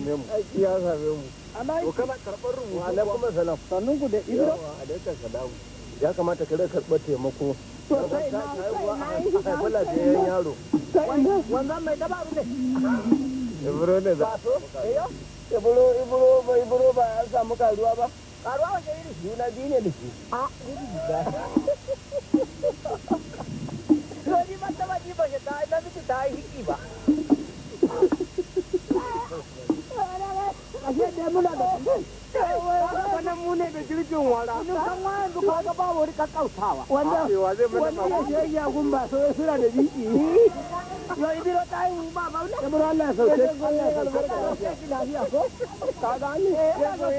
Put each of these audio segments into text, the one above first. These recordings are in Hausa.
same mu ai ya same mu amma to kana karban rubutu wa alaikum assalam sannan ku da ibro a ibra alaikum salam ya kamata ka rika karban taimako to sai na sai na da yaro wannan mai dabaru ne ibro ne da to za ibro ibro ba ibro ba an samu karuwa ba karuwa wace iri juna biyu ne da shi a iri ba to ni ba ta ba ji ba ta na miki ta hiki ba wani girgin wara nukan wa yanzu ka ga ba wani kakkautawa wanda wanda ya je ya so ya sura da yo ibiro ba ba Allah ya sauke Allah ya sauke ga ni ya ga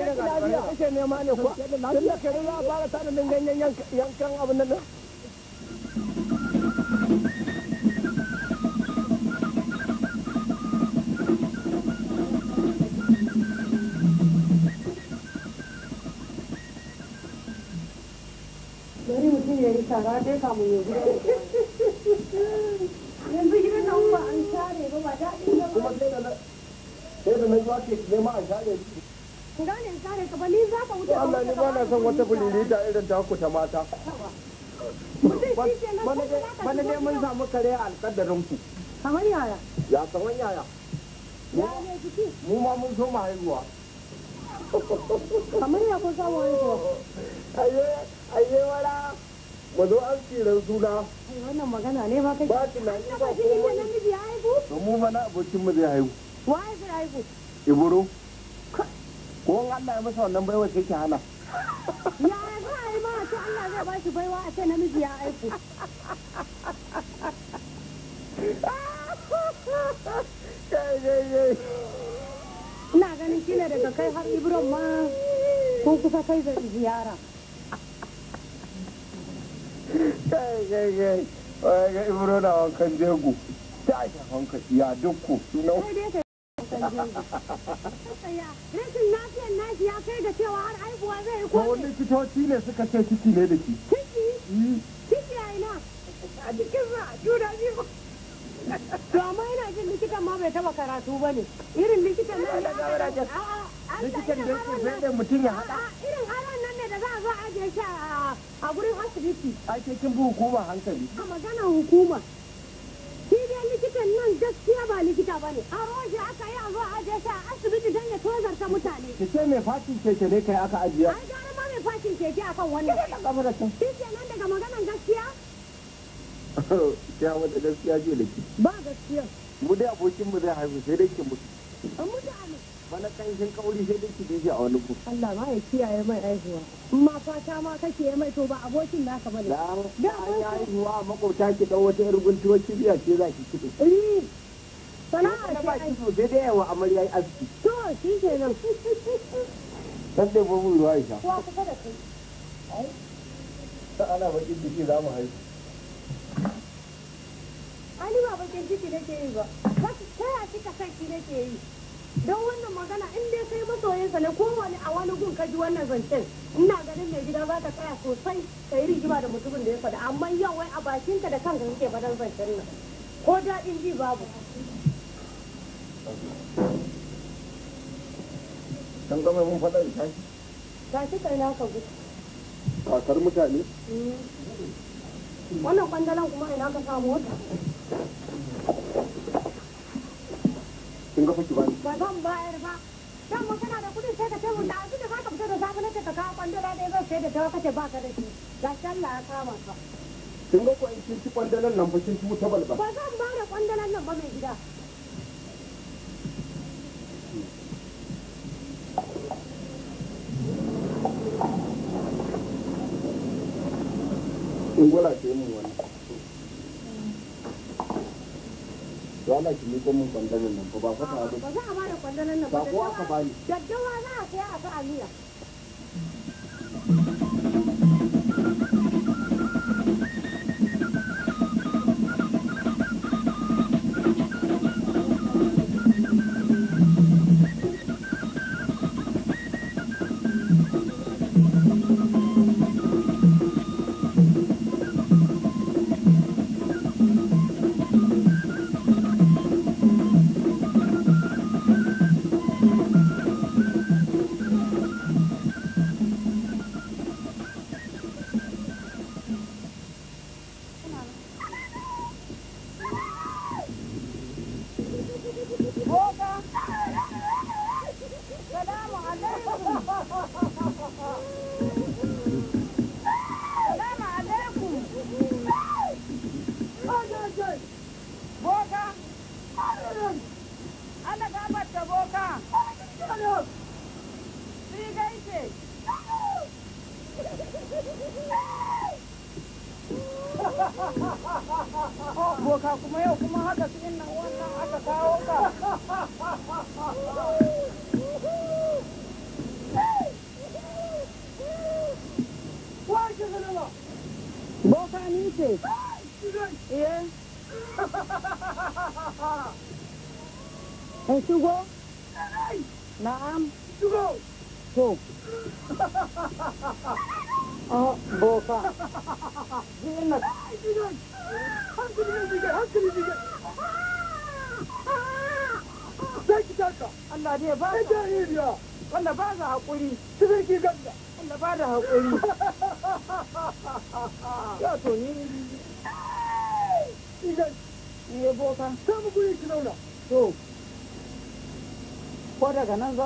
eh, za fara tana ganyen yankan abin amma kamun ya gudu yanzu gidan nan ba an share ba ba daɗin da ba sai da na sai da na zuwa ke nema a share gane in share ka ba ni za ka wuce Allah ni ba na son wata bulilita irin ta ku ta mata bana dai mun samu kare a alƙaddarin ku kamar yaya ya kamar yaya mu ma mun so haihuwa. kamar ya kun samu haihuwa wala mu zo an tsiran suna wannan magana ne ma kai ba ki na ni ba ko wani namiji ya haihu to mu mana abokin mu zai haihu wa zai haihu iburo ko Allah ya masa wannan baiwa sai ki hana ya za a yi ma a ce Allah zai ba shi baiwa a ce namiji ya haihu ina ganin shine daga kai har ibron ma kun kusa kai zai ziyara kai kai kai wai ga ibro na wankan jego ta wanka ya dukku sunan rashin lafiyar ya kai da cewa har haihuwa zai yi ko likitoci ne suka ce ciki ne da ciki ciki a ina a cikin sa juna biyu to amma ina jin likitan ma bai taba karatu ba ne irin likitan na ya likitan da yake zai mutum ya haɗa irin haɗa za a je shi a gurin asibiti ai ke kin bi hukuma hankali a magana hukuma shi dai likitan nan gaskiya ba likita bane a roje aka yi a zo a je shi a asibiti don ya tozarta mutane ki ce mai fatin keke ne kai aka ajiya ai gara ma mai fatin keke akan wannan shi nan daga maganar gaskiya ya wata gaskiya ce da ki ba gaskiya mu dai abokinmu zai haihu sai dai ki mutu wani ƙanshin kauri sai dai ki dace a wani ku. Allah ma ya kiyaye mai aihuwa. In ma fata ma kake mai to ba abokin naka bane. Da an yi aihuwa makwabta ki ɗau wata yar guntuwar kibiya ce za ki kiɗo. Eh. Sana'a ce ai. Ba sai dai yawa amarya yi aski. To shi ke nan. Dan dai babu ruwa ya sha. Kuwa kusa da kai. Ta ana bakin biki za mu haihu. Ali ba bakin ciki nake yi ba. Ta yaya kika san ki nake yi? don wannan magana in dai kai masoyinsa ne wani a wani gun ka ji wannan zancen ina ganin mai gida za ka tsaya sosai ka yi rigima da mutumin da ya faɗi, amma yau wai a bakinka da kanka kake faɗan zancen nan ko daɗin ji babu kan gama mun faɗa da tashi tashi kai na ka gudu kakar mutane mm. wannan kwandalan kuma ina ka samu wata kin ga faki ba ni ba zan bayar ba dan mun kana da kudin sai ka ce da azu da ka fito da zafi nake ka kawo kwandala da zan sai da tawa kace ba ka da shi ga Allah ya kama ka kin ga ko in kin ci kwandalan nan ba kin ci wuta balba ba zan ba da kwandalan nan ba mai gida in gwala ce mu to Allah ki miko min kwandanan nan ba fa ta ba za a bada kwandanan nan ba ko aka bani daddawa za a kai a ga aliya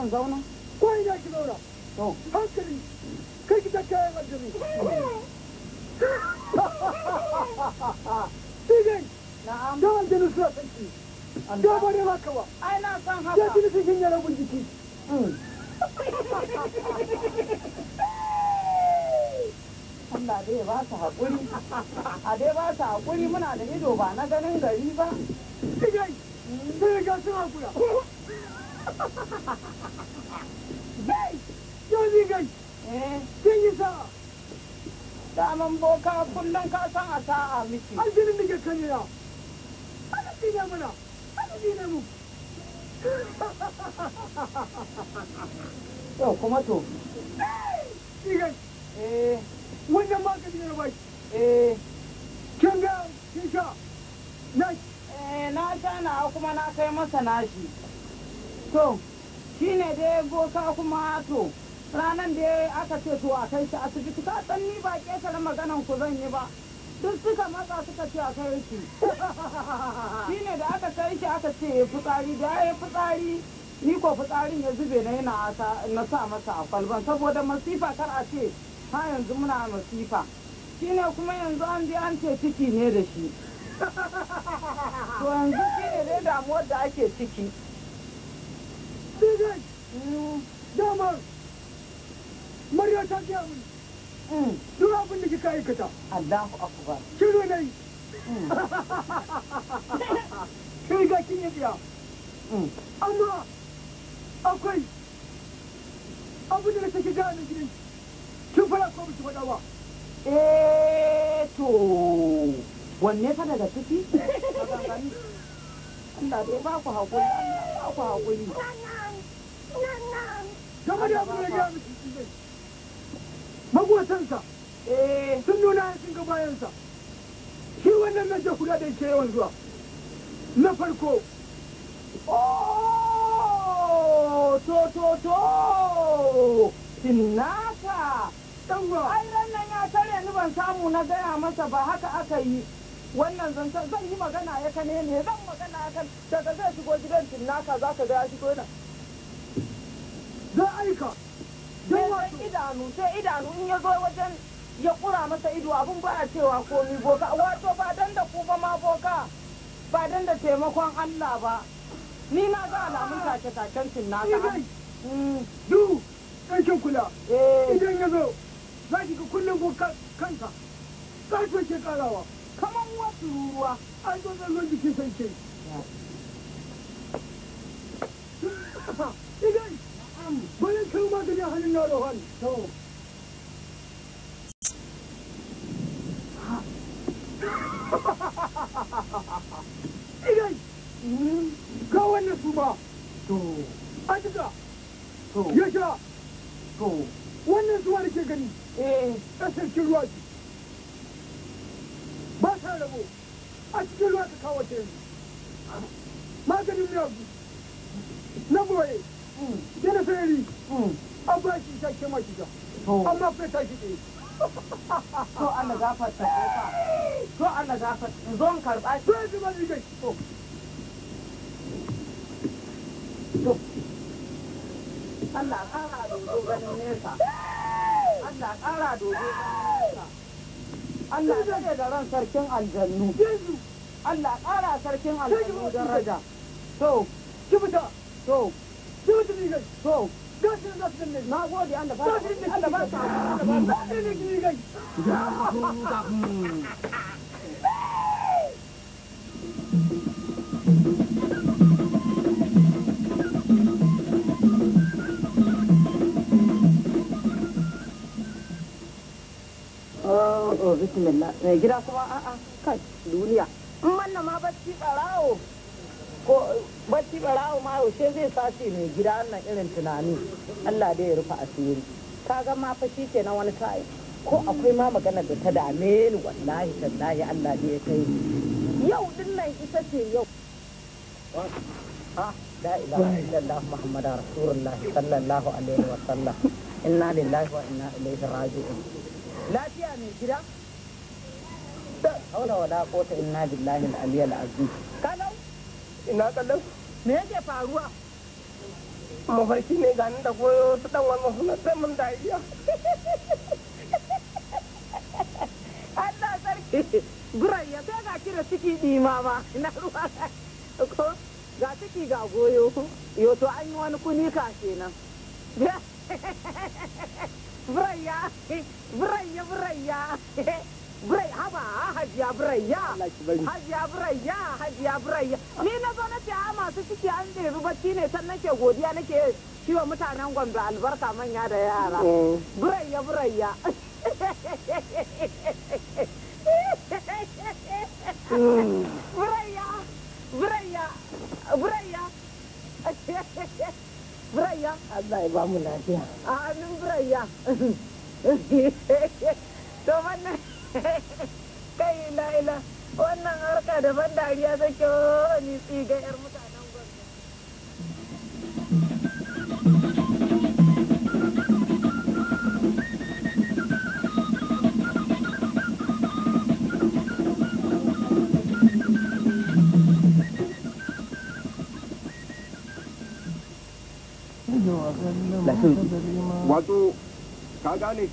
going ce to a kai shi asibiti ka san ba ƙetare maganan ku zan yi ba duk suka matsa suka ce a kai shi ne da aka kai shi aka ce ya fitsari da ya fitsari ni ko fitsarin ya zube na yana na sa masa a kwalban saboda masifa kar a ce ha yanzu muna masifa shine kuma yanzu an je an ce ciki ne da shi to yanzu shi ne damuwar da ake ciki mm, Dama Mariya ta gaya mini. Hmm. Duk abin da kika aikata. Allahu akbar. Shiru ne. Hmm. Kin ga kin yi biya. Hmm. Amma akwai abin da take gaya mini gidan. Kin fara ko miki faɗa ba. Eh to wanne fa daga ciki? Allah dai ba ku haƙuri, Allah ba ku haƙuri. Kamar ya kuma ya gaya miki. magotansa eh, sun nuna sun ga bayansa shi wannan na da kula da ke yawan zuwa na farko oh, to to to innaka dango ai nan ya tare ni ban samu na gaya masa ba haka aka yi wannan zantar zan yi magana ya kane ne zan magana ya kan daga zai shigo gidan tinnaka za ka ga ya shigo nan. za aika dogon idanu sai idanu in ya zo wajen ya kura masa ido abun ba a cewa komi boka wato ba dan da ku ba ma boka ba dan da taimakon Allah ba ni na ga alamun tace tacen cin naka mm. du kanshin kula eh. idan ya zo za ki ga kullum ko kanka karfe ke karawa kamar wasu ruwa an zo zallon jikin sanke idan 참뭘 경마들이 하는가로 한소 이런 음, 가원의 수마 또 아저가 또 여자 또 wannan zuwa da ke gani ƙasar kin ruwa ce ba ta rabo a cikin ruwa ka kawo ta yanzu maganin miyagu na boye gina feri an ba shi sha kema shi sha amma fai ta shi ɗaya to Allah gafarta to Allah gafarta in zo in karɓa shi. yanzu ba ni gai to Allah kara dodo ganin nesa Allah kara dodo ganin nesa Allah rage da ran sarkin aljannu Allah kara sarkin aljannu daraja to ki to Götürün oh, Na Oh, bismillah. Eh, gida kuma a'a ah, ah, kai duniya. Manna ma bacci barawo. ko bacci barawo ma yaushe zai sace mai gida wannan irin tunani Allah dai ya rufe asiri ka ga ma fa shi kenan wani sa'i ko akwai ma magana da ta dame ni wallahi tallahi Allah dai ya kai yau din nan ita ce yau ah, la ilaha illallah muhammadar rasulullahi sallallahu alaihi wa sallam inna lillahi wa inna ilaihi raji'un lafiya mai gida haula wala quwwata inna billahi al-aliyyil azim kalau ina kallon me yake faruwa mafarki ne ga da goyo su dan wannan suna sai mun da iya Allah sarki gurai ya sai ga kira ciki dima ma na ruwa ko ga ciki ga goyo yo to an yi wani kuni ka kenan buraya buraya buraya Birai haba hajiya birayya hajiya birayya hajiya birayya ni na zo na ce a ah, masu ciki an ɗebi bacci ne sannan ke godiya nake shi wa mutanen gombe albarka manya da yara mm. birayya birayya mm. birayya birayya birayya birayya Allah ya ba mu lafiya amin birayya to wannan kai ila wannan harka da ban dariya take oh, ni ga yar mutanen gwamnati wato ka gane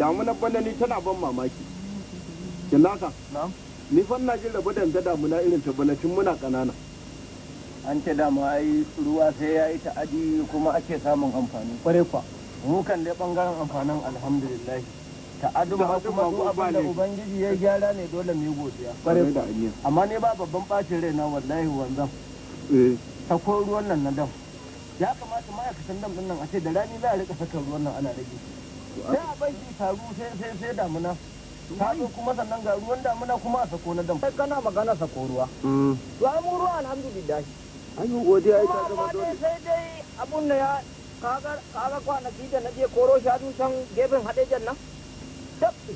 damunar ni tana ban mamaki kinaka ni fan na jin rabu da damuna irin ta bana tun muna kanana an ce dama ai ruwa sai ya yi ta'adi kuma ake samun amfani kware kwa mu kan dai bangaren amfanin alhamdulillah ta'adun ba kuma su abin ubangiji ya gyara ne dole mu yi godiya kware kwa amma ne ba babban bacin rai na wallahi wanzan eh. ta ko ruwan nan na dam ya kamata ma'aikatan dam din nan a ce da rani za a rika saka ruwan nan ana rage sai a bai shi taru sai sai damuna ta zo kuma sannan ga ruwan damuna kuma a sako na dam sai kana magana sako ruwa mm. to ai mu ruwa alhamdulillah an yi godiya ai ta dole sai dai abun da ya kaga kaga kwanaki da naje koro shadu can gefen hadejan nan tabbi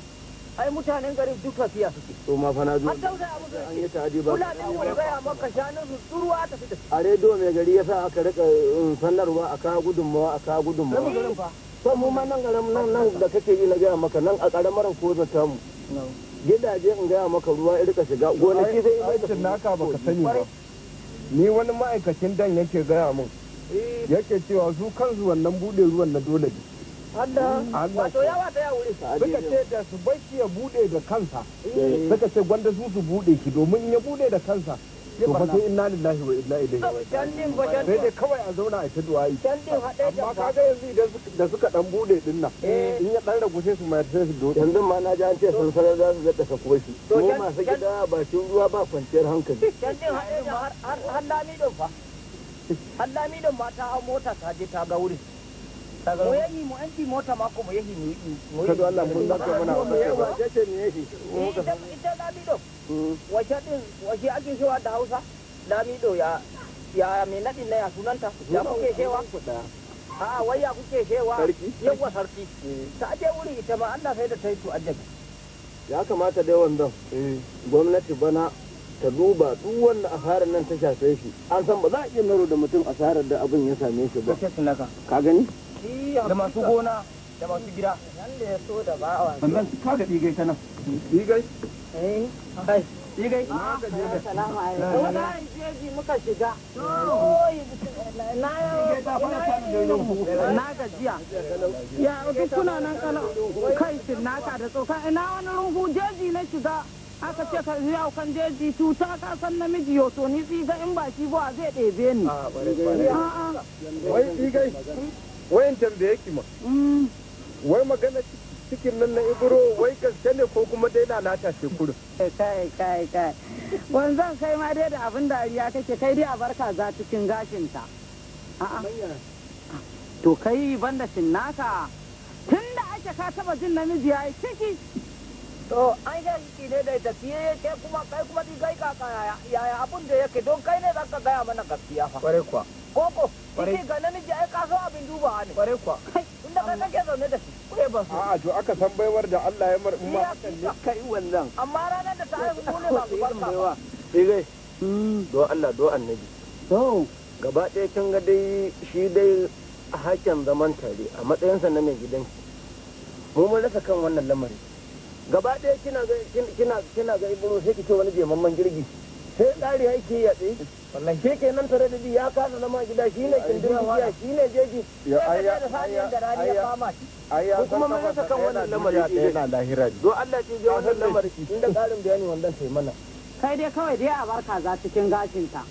ai mutanen garin duk tafiya suke to ma fa na an dauda abu da an yi ta ba kula da wani gaya maka shanun su surwa ta fita a rediyo mai gari yasa aka rika um, sanarwa aka gudunmawa aka gudunmawa san mu ma nan garam nan nan da kake yi na gaya maka nan a karamar ko ta mu gidaje in gaya maka ruwa in rika shiga gonaki zai yi da naka baka sani ba ni wani ma'aikacin dan yake gaya mun eh. yake cewa su kansu wannan bude ruwan na dole ne Allah wato yawa suka ce da su bai ya bude da kansa eh. suka ce gwanda su su bude ki domin ya bude da kansa to fa sai inna lillahi wa inna ilaihi raji'un sai dai kawai a zauna a ta du'a'i amma kaga yanzu idan da suka dan bude din nan eh. in ya dan ragu sai su mai sai su do yanzu ma na ji an ce sun sarar za su ga daga ko shi mu sai gida ba cin ruwa ba kwanciyar hankali dan din haɗe har har lami don fa har lami don mata a mota ta je ta ga wurin moyehi mo andi mota makko mo yehi moyehi Allah mun zakka mana wa jace ne yehi ita lamido hmm. wace din wace ake cewa da Hausa lamido ya ya me nadin na ya sunanta ya kuke cewa a wai ya kuke cewa yawa sarki hmm. ta je wuri ita ma Allah sai da ta yi to addabi ya kamata dai wannan hmm. gwamnati bana ta duba duk wanda asarar nan ta shafe shi an san ba za a iya naro da mutum asarar da abin ya same shi ba ka gani da masu gona da masu gida yadda ya so da bawa su kaga digai ta nan digai eh kai digai assalamu alaikum jeji muka shiga na na ya kuna nan kana kai da tsoka ina wani rungu jeji na shiga aka ce ka zuya kan jeji cuta ka san namiji yo to ni tsiga in ba shi ba zai ɗebe ni a'a wai wayan tambaye ki ma mm. wai magana cikin nan na ibro wai gaske ne ko kuma dai lalata ce kai kai kai wanzan kai ma dai da abin dariya kake kai dai a barka za cikin gashinta a'a to kai banda shinnaka tun da ake ka taba jin namiji yayi ciki to an sha jiki ne da ita tafiye ke kuma kai kuma di gai kaka yaya abun da yake don kai ne zaka gaya mana gaskiya fa kware kuwa koko shi ga namiji ai ka so abin duba ne kware kuwa inda kai kake zaune da shi kure ba su a'a to aka san baiwar da Allah ya mar umma ne kai wannan amma ranar da ta haihu mu ne ba su barka ba digai do Allah do annabi to gaba ɗaya kin ga dai shi dai hakin zaman tare a matsayinsa na mai gidan mu mun rasa kan wannan lamarin gaba ɗaya kina ga kina kina ga ibro sai kice wani jemamman jirgi sai tsari haike ya tsaye wallahi sai ke nan tare da bi ya kasa zama gida shi ne kindin ya shi ne jeji ya aya aya aya aya kuma mai yasa kan wannan lamari yana lahira do Allah ce je wannan lamari inda karin bayani wannan sai mana kai dai kawai dai a barka za cikin gashin ta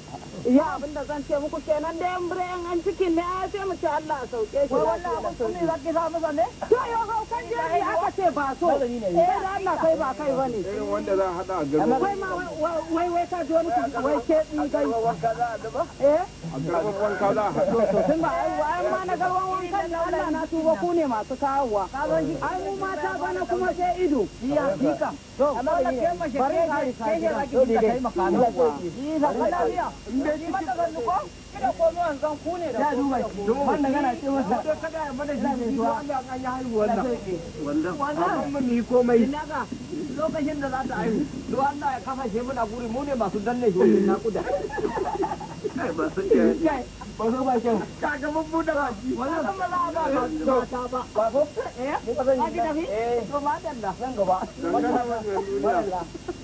ya abin da zan ce muku kenan da yan bire an cikin ne a sai mu ce Allah a sauke shi wai wannan abin kun ne zaki za mu zane to yo haukan jeji aka ce ba so sai eh, da Allah kai ba kai bane irin wanda za a hada a gaba wai ma wai wai ka ji wani wai ke ni gai wanka za a daba eh a garban wanka za a hada to tun ba ai ai ma na garban wankan na Allah na tuba ku ne masu kawowa ai mu mata bana kuma sai ido ya dika. to amma kai mace kai kai kai kai kai kai kai kai ki mata ko ko mu zan ne da ku ya duba ki wannan kana ce da kada mana da ne Allah kan ya haihu wannan wannan mun yi komai ina lokacin da za ta haihu to Allah ya kafa shi muna guri mu ne masu danne shi wannan nakuda kai ba ke ba so ba ka ga mun wannan a ga ta ba ba so eh mu ba zan yi eh to ma da san gaba wannan wannan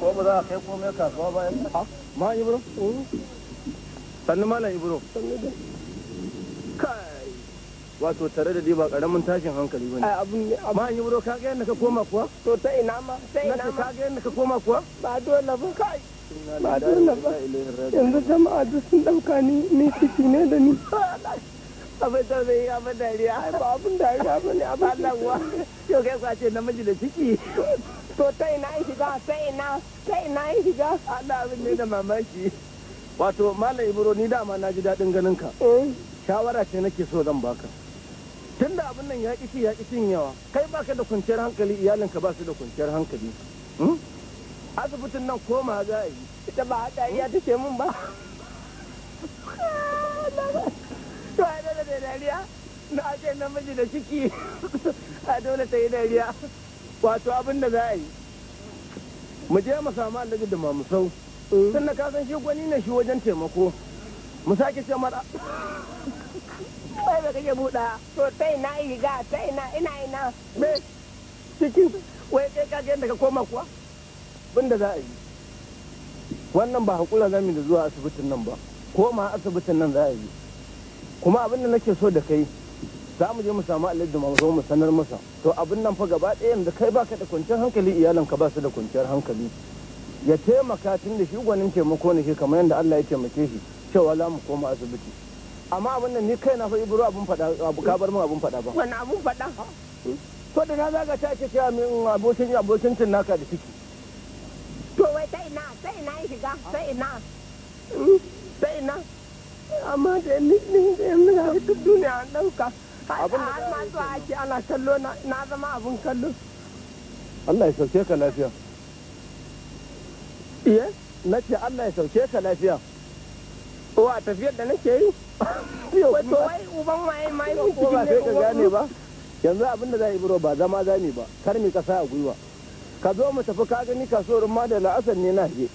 ko ba za a kai komai kasuwa ba yanzu ma ibro mm. sannu malam ibro kai wato tare da dai ba karamin tashin hankali bane ma ibro ka ga yadda ka koma kuwa to ta ina ma ta ina ma ka ga yadda ka koma kuwa ba dole ba kai ba dole ba yanzu jama'a duk sun dauka ni ni ciki ne da ni abin da zai abin dariya ba abin dariya abin yau kai kwace namiji da ciki to ta ina shiga ta ina ta ina shiga Allah abin ne da mamaki wato malam ni dama na ji daɗin ganin ka eh? shawara ce nake so zan baka tunda abin nan ya ci ya cin yawa kai baka da kwanciyar hankali iyalinka ba su da kwanciyar hankali hmm? asibitin nan koma za a yi ita ba haka iya ta ce mun ba to a dole da dariya na ake namiji da ciki a dole ta yi dariya wato abin da za a yi mu je mu samu alhaji da mamusau mm. tun da ka san shi gwani ne shi wajen taimako mu sake ce mara kai da kake buɗa to ta ina riga ta ina ina ina me cikin wai kai ka gani daga koma kuwa bin da za a yi wannan ba hakura zamu da zuwa asibitin nan ba koma asibitin nan za a yi kuma abin da nake so da kai za mu je mu samu alhaji mu zo mu sanar masa to abin nan fa gaba ɗaya yanzu kai baka da kwanciyar hankali iyalanka ba su da kwanciyar hankali ya taimaka tun da shi gwanin taimako ne shi kamar yadda Allah ya taimake shi cewa za mu koma asibiti amma abin nan ni kai na fa ibro abin faɗa abu ka bar min abin faɗa ba wani abin faɗa to da na zaga ta ce cewa min abokin abokin tun naka da ciki to wai sai na sai na ya shiga sai na sai na amma da ni ni da ni duniya an ɗauka abin da ma zuwa ake ana kallo na zama abin kallo Allah ya sauke ka lafiya iye na ce Allah ya sauke ka lafiya wa tafiyar da nake yi wato wai uban waye mai mun ba ne ka gane ba yanzu abin da za yi biro ba zama zami ba kar mi kasa a gwiwa ka zo mu tafi ka gani kasuwar ma da la'asar ne na je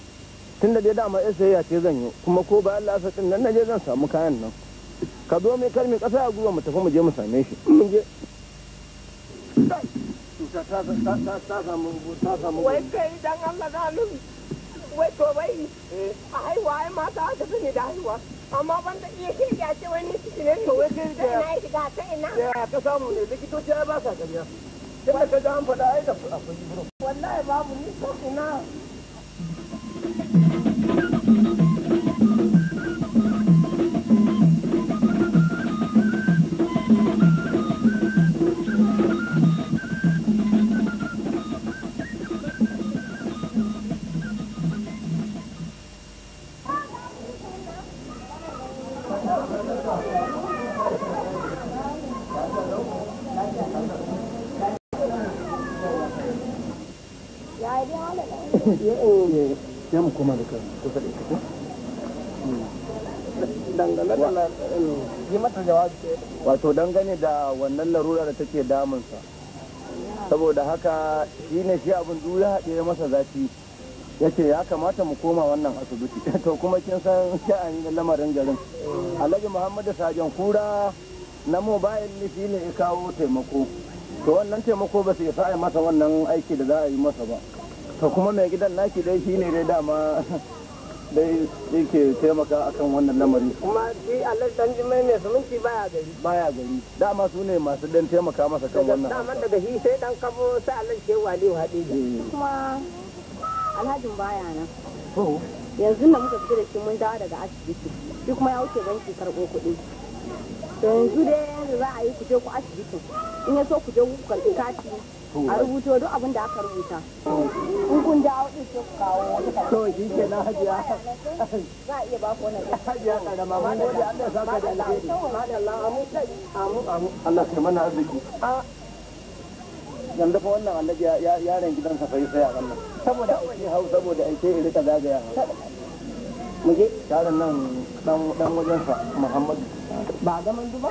tun da dai dama ya sayayya ce zan yi kuma ko bayan la'asar din nan na je zan samu kayan nan ka zo mai kalmi kasa a guba mu tafi mu je mu same shi mun je ta samu wai kai dan eh. a haihuwa ai mata aka sani da haihuwa amma ban da iya ke ya ce wani ciki ne to wai kai da yi shiga ta ina ya ka samu ne likitoci ai ba sa gariya babu ni sai mu da dangane mata wato dangane da wannan larura da take damunsa saboda haka shi ne shi abin duk ya haɗe masa zafi ya ce ya kamata mu koma wannan asibiti to kuma kin san sha'ani na lamarin garin alhaji muhammadu sajan kura na mobile ne shi ne ya kawo taimako to wannan taimako ba su isa a masa wannan aiki da za a yi masa ba to kuma mai gidan naki dai shine dai dama dai yake taimaka akan wannan lamari kuma shi Allah dan jimai mai suminci baya gari baya gari dama su ne masu dan taimaka masa kan wannan dama daga shi sai dan kabo sai Allah ke wali hade eh. kuma alhajin baya na to yanzu da muka fita da shi mun dawo daga asibiti shi kuma ya wuce banki karɓo kuɗi yanzu dai za a yi ku je ku asibiti in ya so ku je ku karɓi kati a rubuto duk abin da aka rubuta in kun da audin kawo wata shi ke na hajiya za a iya ba Allah ya saka da alheri amu sai amu amu Allah mana wannan ya sai sai saboda aiki hau ta zagaya nan dan dan sa, Muhammadu ba ga mandu ba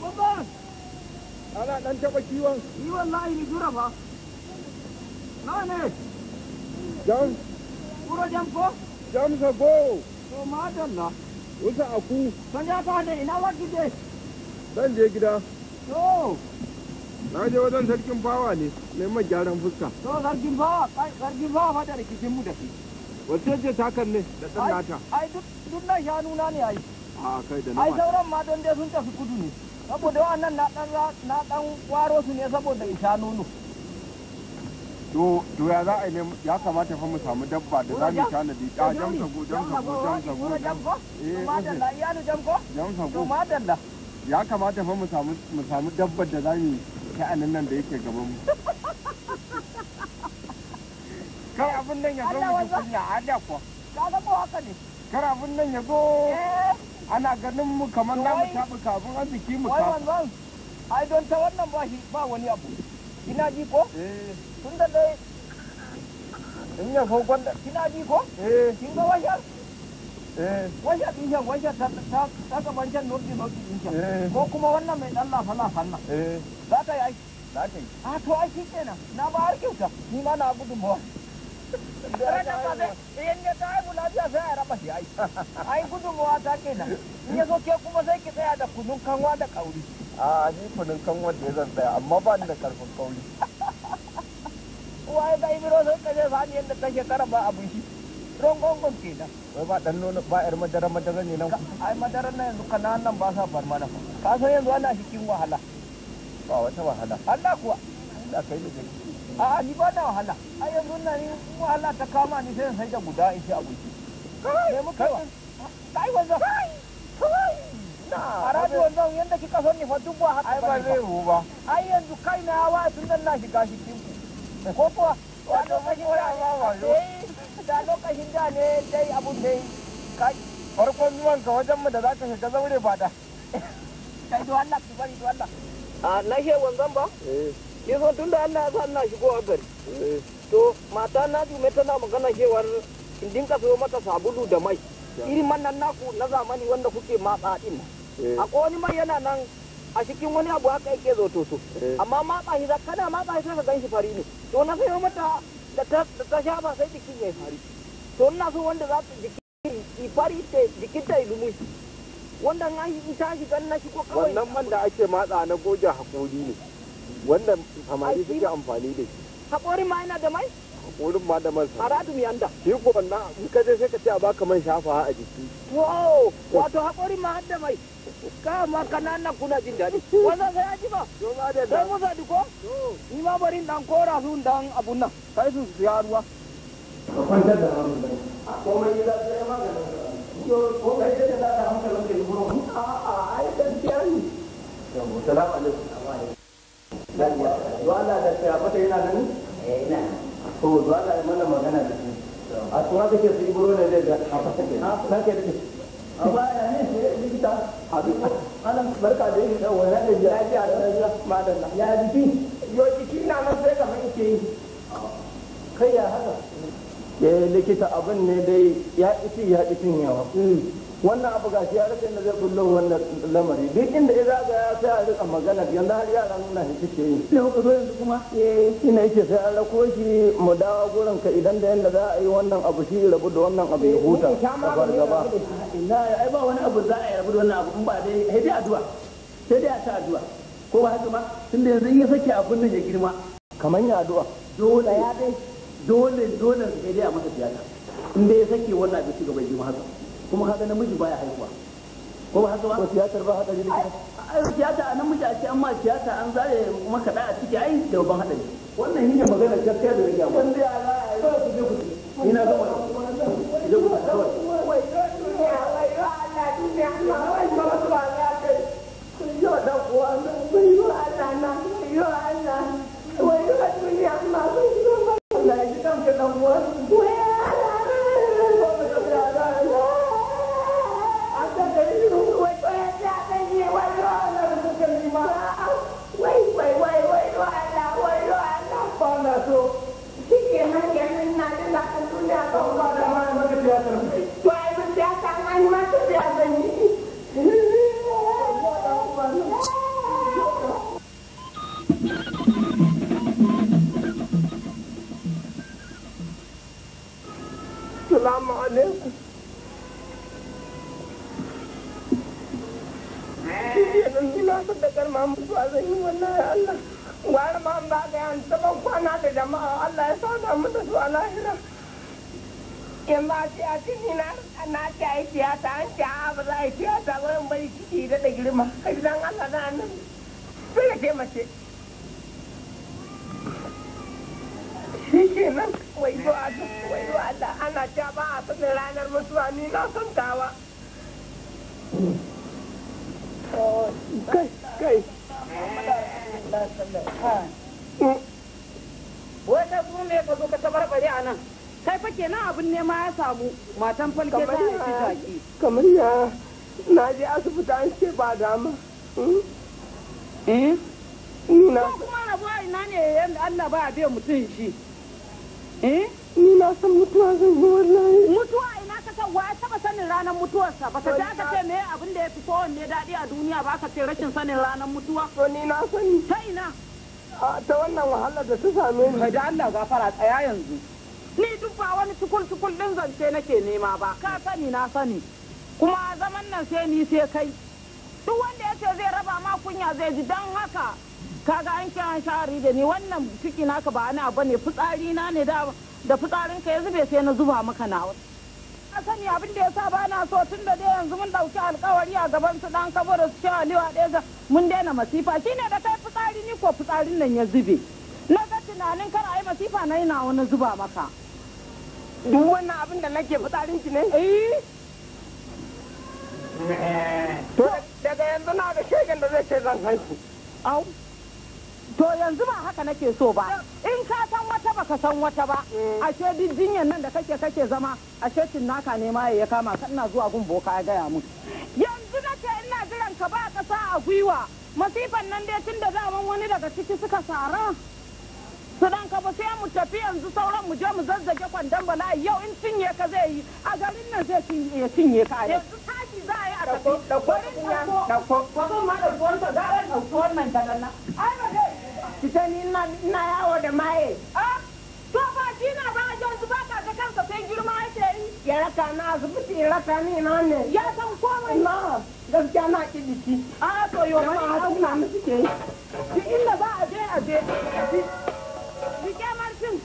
babban ana ɗan taɓa kiwon ni layi ne jura ba. na ne jam kuro jam ko jam sa go to na. wuta aku ban ya ka ne ina wa gide dan je gida to na je wajen sarkin bawa ne neman gyaran fuska to sarkin bawa sarkin bawa fata da kishin mu da shi wace ce takan ne da tsan nata ai duk nan shanu nuna ne ai a kai da na ai sauran ma don dai sun tafi kudu ne saboda wannan na dan na dan waro su ne saboda in sha nono to to ya za a ne ya kamata fa mu samu dabba da za mu tanadi a ah, jam sago jam sago jam sago jam sago eh, jam ko jam sago ya kamata fa mu samu mu samu dabbar da za mu ta anan nan da yake gaban mu kai abin nan ya zo mu kunya a da ko ka ga ko haka ne kar abin nan ya zo eh. ana ganin mu kamar na mutu taɓa kafin arziki mu kafin ai don ta wannan ba ba wani abu kina ji ko eh. tun da dai in yi fogon da kina ji ko eh. kin ga washar eh. washar din shan washar ta gaban shan nordi nordi din shan ko kuma wannan mai dan lafa lafan za ta yi aiki za ta yi a to aiki kenan na ba har kyauta ni ma na gudunmawa ai gudunmawa ta ke nan ya zo kuma sai ki tsaya da kunun kanwa da a ni kunun kanwa da zan tsaya amma ba ni da karfin kauri wai da ibiro sun kaje yadda ta shekara ba gongon wai ba ba madara nan na yanzu ba sa ka yanzu ana wahala ba wata wahala Allah kuwa Allah kai ne a ni ba na wahala a yanzu na ni wahala ta kama ni sai sai da guda in ci abinci kai muka wa kai wanda kai kai na arabi wanda yanda kika son ni fa duk ba haka ai ba zai ru ba ai yanzu kai na wa tun nan na shiga shi kin ko kuwa wato kashi da ba eh, da lokacin da ne dai abu dai kai farkon zuwan ka wajen mu da zaka shiga zaure ba da kai do Allah ki bari do Allah a na he wanzan ba eh kin tun da Allah ya sa ina a gari eh, to mata na jume tana magana cewar in dinka sayo mata sabulu da mai irin man nan naku na zamani wanda kuke matsa din eh. a wani mai yana nan a cikin wani abu haka yake zo to eh. amma matsa shi kana matsa shi ka ganshi fari ne to na sayo mata da ta sha ba sai jikin yayi fari to ina so wanda za ta jiki fari ta jikin ta ilimi wannan an yi ta shigan na shi ko kawai wannan man da ake matsa na goge hakuri ne wanda samari suke amfani da shi haƙorin ma yana da mai haƙorin ma da mai sa haradum yanda shi ko wannan in ka je sai ka ce a baka man shafa a jiki wow wato haƙorin ma da mai ka ma nan kuna jin dadi wanda sai ji ba sai musa diko ni ma bari dan kora su dan abunna nan kai su su ya ruwa ka kwantar da hankali komai ya zai maganin ko kai da ta da hankalin da a a a ai dan tiyani salamu alaikum lafiya da yana nan eh mana magana da shi a tura kake ne da a na ke a baya ne sai likita abi ana barka da da wannan da ya ji da ya jiki yo jiki na nan sai kai ya haka eh likita abin ne dai ya ya yawa wannan abu shi ya rike da zai bullo wannan lamari duk inda ya zaga ya sai a rika magana yanzu har yaran na shi suke yi sai kuka zo yanzu kuma eh ina yake sai an rako shi mu dawo gurin ka idan da yanda za a yi wannan abu shi rabu da wannan abu ya huta eh, da fargaba ina ai ba wani abu za a yi rabu da wannan abu in ba dai sai dai addu'a sai dai a ta addu'a ko ba haka ba tunda yanzu in ya sake abun nan ya girma kamar ya addu'a dole ya dai dole dole sai dai a masa tiyata in dai ya sake wannan abu shi gaba ya girma haka kuma kaga namiji baya haihuwa ko ba haka ba tiyatar ba hadari ne ai tiyata a namiji a ce amma tiyata an zaye maka kada a ciki ai da ban haɗari wannan shine magana gaskiya da riya ba su je ku wannan je ku kawai da matar ma mutuwa zan yi wallahi Allah gwara ma ba ga yan kwana da jama'a Allah ya sada mu da su a lahira yanzu a ce a ciki na na ce a yi an ce a ba za a yi ciki da da girma a gidan Allah nan sai ya ce mace shi ke nan wai zo a duk wai zo Allah ana ba a sanin ranar mutuwa ni na kai kai wata kuma me ka zo ka a nan kai fa kenan abin nema ya samu matan falke ta yi kamar ya na je asibiti an ce ba dama eh ko kuma rabuwa ina ne yanda Allah ba ya biya mutum shi eh na san mutuwa zan yi wallahi mutuwa wa taba sanin ranar mutuwarsa ba ka aka ce me abin da ya fi kowanne daɗi a duniya ba ka ce rashin sanin ranar mutuwa to ni na sani ta ina ta wannan wahalar da su same ni da Allah gafara tsaya yanzu ni duk ba wani tukul tukul din zance nake nema ba ka sani na sani kuma zaman nan sai ni sai kai duk wanda ya ce zai raba ma kunya zai ji dan haka kaga an an shahari da ni wannan ciki naka ba ana bane fitsari na ne da fitsarin fitsarinka ya zube sai na zuba maka nawa na sani abin da ya sa ba na so tun da dai yanzu mun dauki alkawari a gaban su dan saboda su ce aliwa ɗaya mun daina masifa shine da kai fitsari ni ko fitsarin nan ya zube na ga tunanin kar ai masifa na yana wani zuba maka duk wannan abin da nake fitsarin ki ne eh to daga yanzu na ga shegen da zai ce zan san au to yanzu ba haka nake so ba in ka san wata baka san wata ba eh. ashe duk jinyan nan da kake kake zama ashe naka ne ma ya kama ka ina zuwa gun boka ya gaya mun yanzu nake ina jiran ka ba ƙasa a gwiwa masifan nan dai tun da zaman wani daga ciki suka sara su dan ka ba sai mu tafi yanzu sauran mu je mu zazzage kwandon bala yau in cinye ka zai yi a garin nan zai cinye cinye ka yanzu tashi za a yi a tafi da ko da ko ko ma da ko ta gara da ko wannan daga nan ai ba dai ki sani ina ina yawo da maye ah to ba shi na ba yanzu ba ka ga kanka sai girma yake yi ya raka na asibiti ya raka ni na ne ya san komai na gaskiya na ki biki a ah, to yo ma na musu ke duk inda za a je a je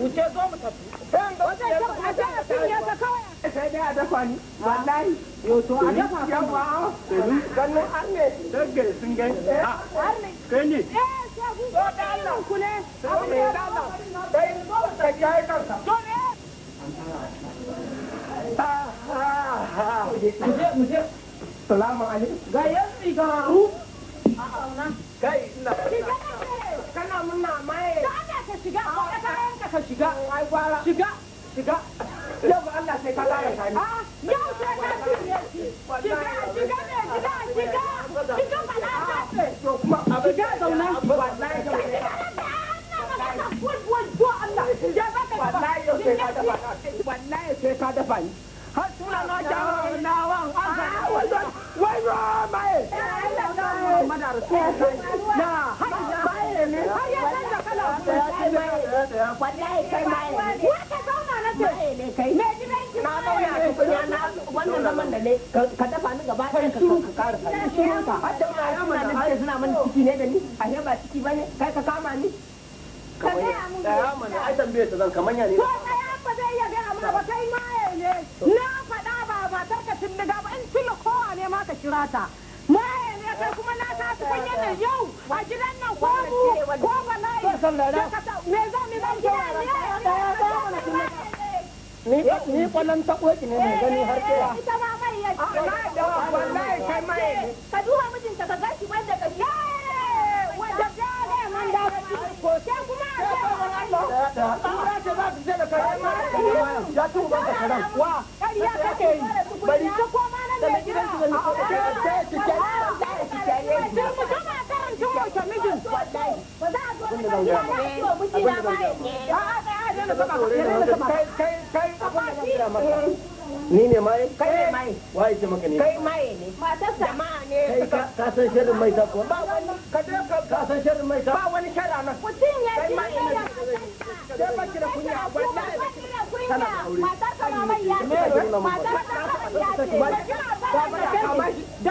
wuce zo mu tafi sai da wata ya tafi sai da sun yasa kawai sai dai a dafa ni wallahi yau to a dafa ka yawa ganin an ne dagge sun gani a kai ne eh sai ku zo da Allah ku ne abu ne da Allah dai zo ta kai kansa to ne muje muje salamu alaikum ga yanzu ga ru a'a na kai ina kana muna maye da ka shiga ko ah. ka ka shiga ai gwara shiga shiga yau Allah sai ka kare ka ah, yau sai ka shiga shiga shiga ne shiga shiga shiga bala ce ah, to kuma shiga zauna wallahi yau sai ka wallahi sai ka dafa har na jawo na wan an wai mai eh, Allah na Rasulullahi na ne ya na ce mai ne kai me gidan na na ka dafa ni ka ma ya suna ne da ni a ba ciki kai ka kama ni ka ta ba kai na faɗa ba ba tarkacin daga ba in tilo kowa ne ma ka kira ta mai kai kuma na ta tukunyar yau a gidan nan ko mu ko ba lai me za mu ban gidan ne ni kwallon ta koki ne mai gani har kewa ita ma mai ya ce da wallahi kai mai ka duba mijinta ka gashi wanda ka ya wanda ga ne man da ko sai kuma a ce Allah ce za ku je da kai ya ci uban ka karam wa kariya kake yi bari ta koma nan gidan ne ko ta ta ni ne mai kai ne mai ce maka ne kai mai ne matar ne kai ka san shirin mai ta ba wani ka je ka san shirin mai ta ba wani shara nan mutum ya ji kai mai ne sai ba ki da kunya wallahi tana aure matar ka ma mai yaji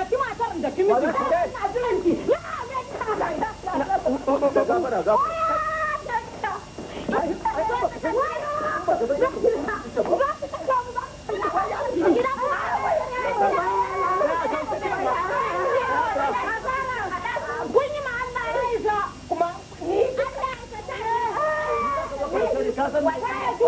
ki ina ki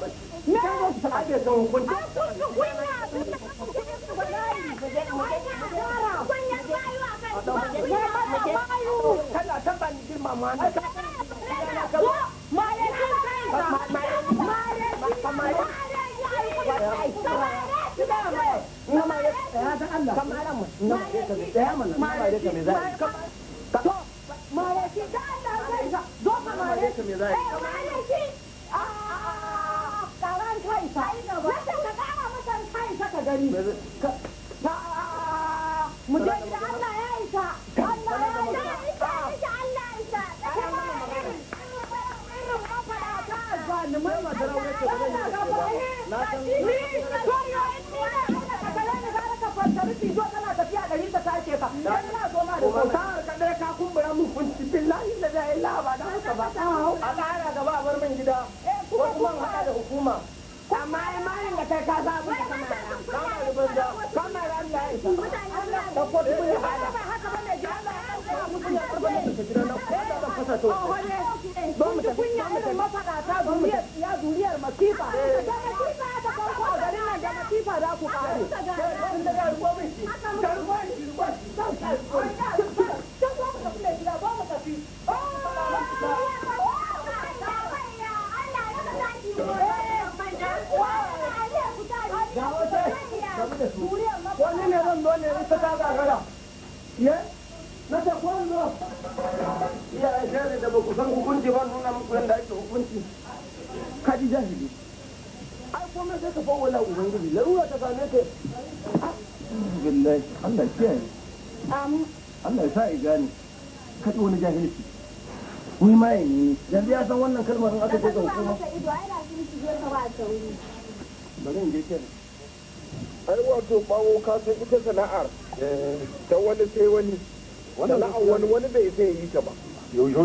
ake son hukunci kana ta ban girma ma ka Malaki da Allah zai zo kansa yadda ka kara masa kansa ka gani mu je gida Allah ya isa Allah ya isa Allah ya isa da ke ba na san ni Allah ka ta tace ka ma da sautar ka dare ka kumbura mun kunci billahi la ilaha illa ba da ba a gaba a bar min gida wasu da hukuma amma ai malin da kai ka za mu ka da. ka mara da ya isa Allah da ko duk ne hada ba haka bane ji Allah ya sa mu kun yarda da. ta gidan nan ko da zan fasa to ba mu ta kunya irin mafadata duniyar ya masifa da eh. masifa ta farko a garin nan da masifa za ku ta gagara ye na ta a da ba ku san hukunci ba nuna muku yadda ake hukunci ka jahili ai me sai ka fawwala ubangiji larura ta same ka billahi Allah kiyaye Allah ya sa gane kaɗi wani jahilci wai ma yanyi yanzu ya san wannan kalmar in aka ce ga hukuma bari in je kenan ai wato bawo ka san ita sana'ar ta wani sai wani sana'ar wani wani bai sai yi ta ba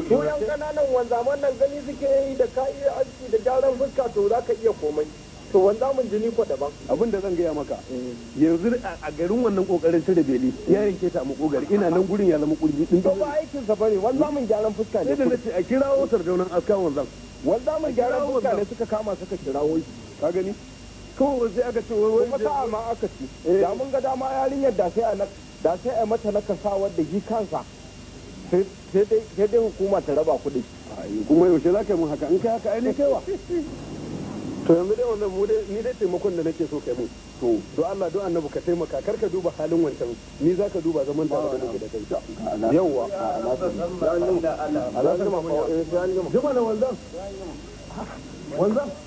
ko yan kananan wanzaman nan gani suke yi da kayi aski da gyaran fuska to za ka iya komai to wanda mun jini ko daban abin da zan gaya maka eh. yanzu a garin wannan kokarin cire beli ya hmm. yanke ta makogar ina nan gurin ya zama kurmi. din to ba aikin sa bane wanda mun gyaran fuska ne sai da nace a kirawo sardaunan askan wanzan wanda mun gyaran fuska ne suka kama suka kirawo shi ka gani kawai sai aka ce wai kuma ta ma aka ce da mun ga dama yarinyar da sai a da sai a mata na kasa wadda yi kansa sai dai hukuma ta raba kuɗi kuma yaushe za ka yi mun haka in kai haka ainihin kewa to yanzu dai wannan mu dai ni dai taimakon da nake so kai mun to to Allah don annabi ka taimaka kar ka duba halin wancan ni za ka duba zaman da wani da kai yawa Allah Allah Allah Allah Allah Allah Allah Allah Allah Allah Allah Allah Allah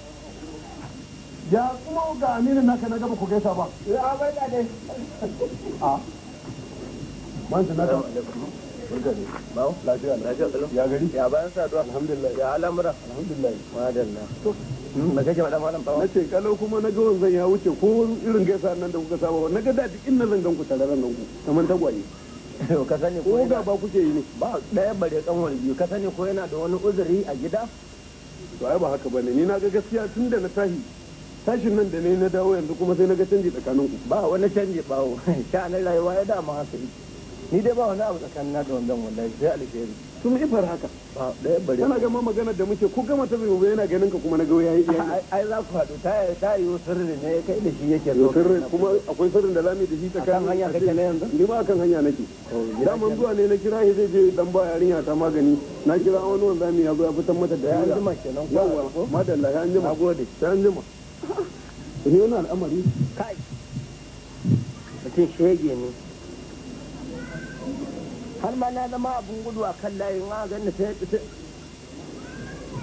ya kuma ga aminin naka na gaba ku gaisa ba ya bai da dai ah. gari ya bayan saduwa alhamdulillah ya al'amura alhamdulillah madalla to na hmm, kake madan malam nace kalau kuma na ga wanzan ya wuce ko irin gaisa nan da kuka saba na ga da duk inna zangan ku tare ran ku kamar tagwaye ka sani ko ga ba kuke daya bare kanwar biyu ka sani ko yana da wani uzuri a gida to ai ba haka ba ne ni na ga gaskiya tun da na tashi. tashin nan da ne na dawo yanzu kuma sai na ga canji tsakanin ku ba wani canji bawo na rayuwa ya dama haka yake ni dai ba wani abu tsakanin na da wanzan wallahi sai alheri sun ifar haka da yabba bare kana ga ma maganar da muke ko gama ta zai gobe yana ganin ka kuma na ga yayi ai za ku haɗu ta ta yi sirri ne kai da shi yake zo sirri kuma akwai sirrin da da shi ta kan hanya kake na yanzu ni hanya nake da ne na kira shi zai je dan ba yarinya ta magani na kira wani wanda zamu ya zo ya fitar mata da madalla ya anjima anjima ne wani al'amari kai mutum shege ne har ma na zama abin gudu a kan layin a ganin sai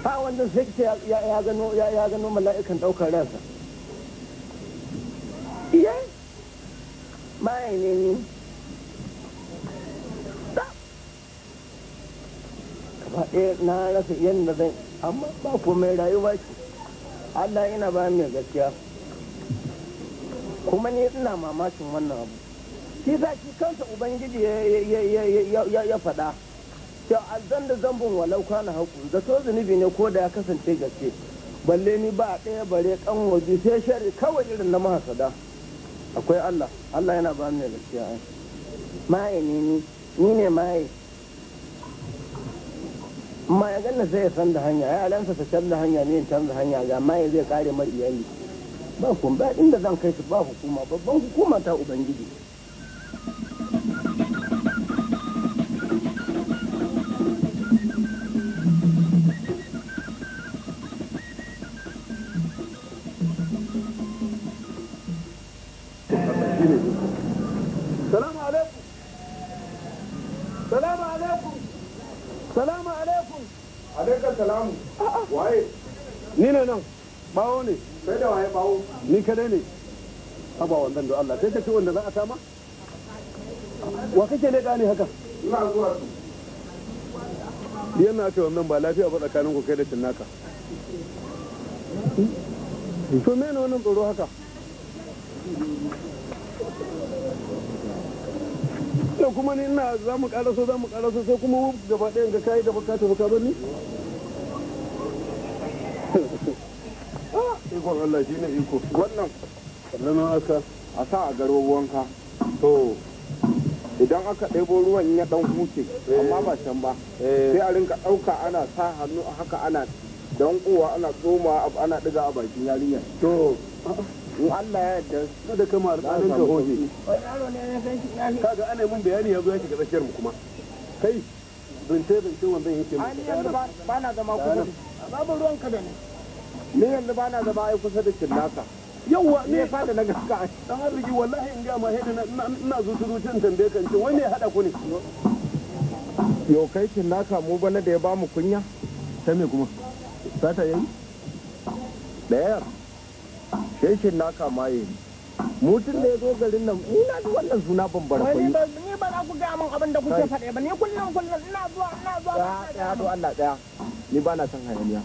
ha wanda sai ya gano ya gano mala'ikan daukar ransa iya mai ne ni gaba ɗaya na rasa yadda zan amma ba komai rayuwa ce Allah ina bayan mai gaskiya kuma ni ina mamakin wannan abu shi za shi kansa ubangiji ya faɗa cewa azan da zambun walau kana haƙu zato zunubi ne ko da ya kasance gaske balle ni ba ɗaya bare kan waje sai shari kawai irin na mahasada akwai Allah Allah yana ba mai gaskiya ai ne ni ne maye ma ya ganna sai ya san da hanya ya alansa ta canza hanya ne canza hanya ga ma ya zai kare mai iyali ba kun ba inda zan kai su ba hukuma babban hukuma ta ubangiji daidai ne haba wannan da Allah sai ka ci wanda za a sama wa kake ne gane haka ina zuwa su yana ce wannan ba lafiya ba tsakanin ku kai da cinnaka to me ne wannan tsoro haka da kuma ni ina za mu so za mu so sai kuma gaba ɗayan ga kayi da baka tafi ka ni ikon Allah shi ne iko wannan sannan aka a sa a garo wanka to idan aka ɗebo ruwan ya ɗan huce eh. amma ba can ba eh. sai a rinka ɗauka ana sa hannu haka ana don kowa ana tsoma ana ɗiga a bakin yarinya to in Allah ya yadda su da kama alƙalin ka hoje kaga ana mun bayani ya zo ya shiga tsakiyar mu kuma kai bince bince wanda yake mu ba na zama kuma babu ruwan ka da ne ne yanzu ba na zama ai kusa da cinnaka yawwa ne fa da na gaska dan arziki wallahi in ga ma na ina zuci zucin tambaye kan ce wani ya hada ku ne yo kai cinnaka mu bana da ya ba mu kunya ta me kuma sata yayi da yar sai cinnaka ma yayi mutum da ya zo garin nan ina da wannan suna bar kwai ni ba za ku ga min abin da kuke faɗe ba ni kullum kullum ina zuwa ina zuwa ɗaya do Allah ɗaya ni ba na son hayaniya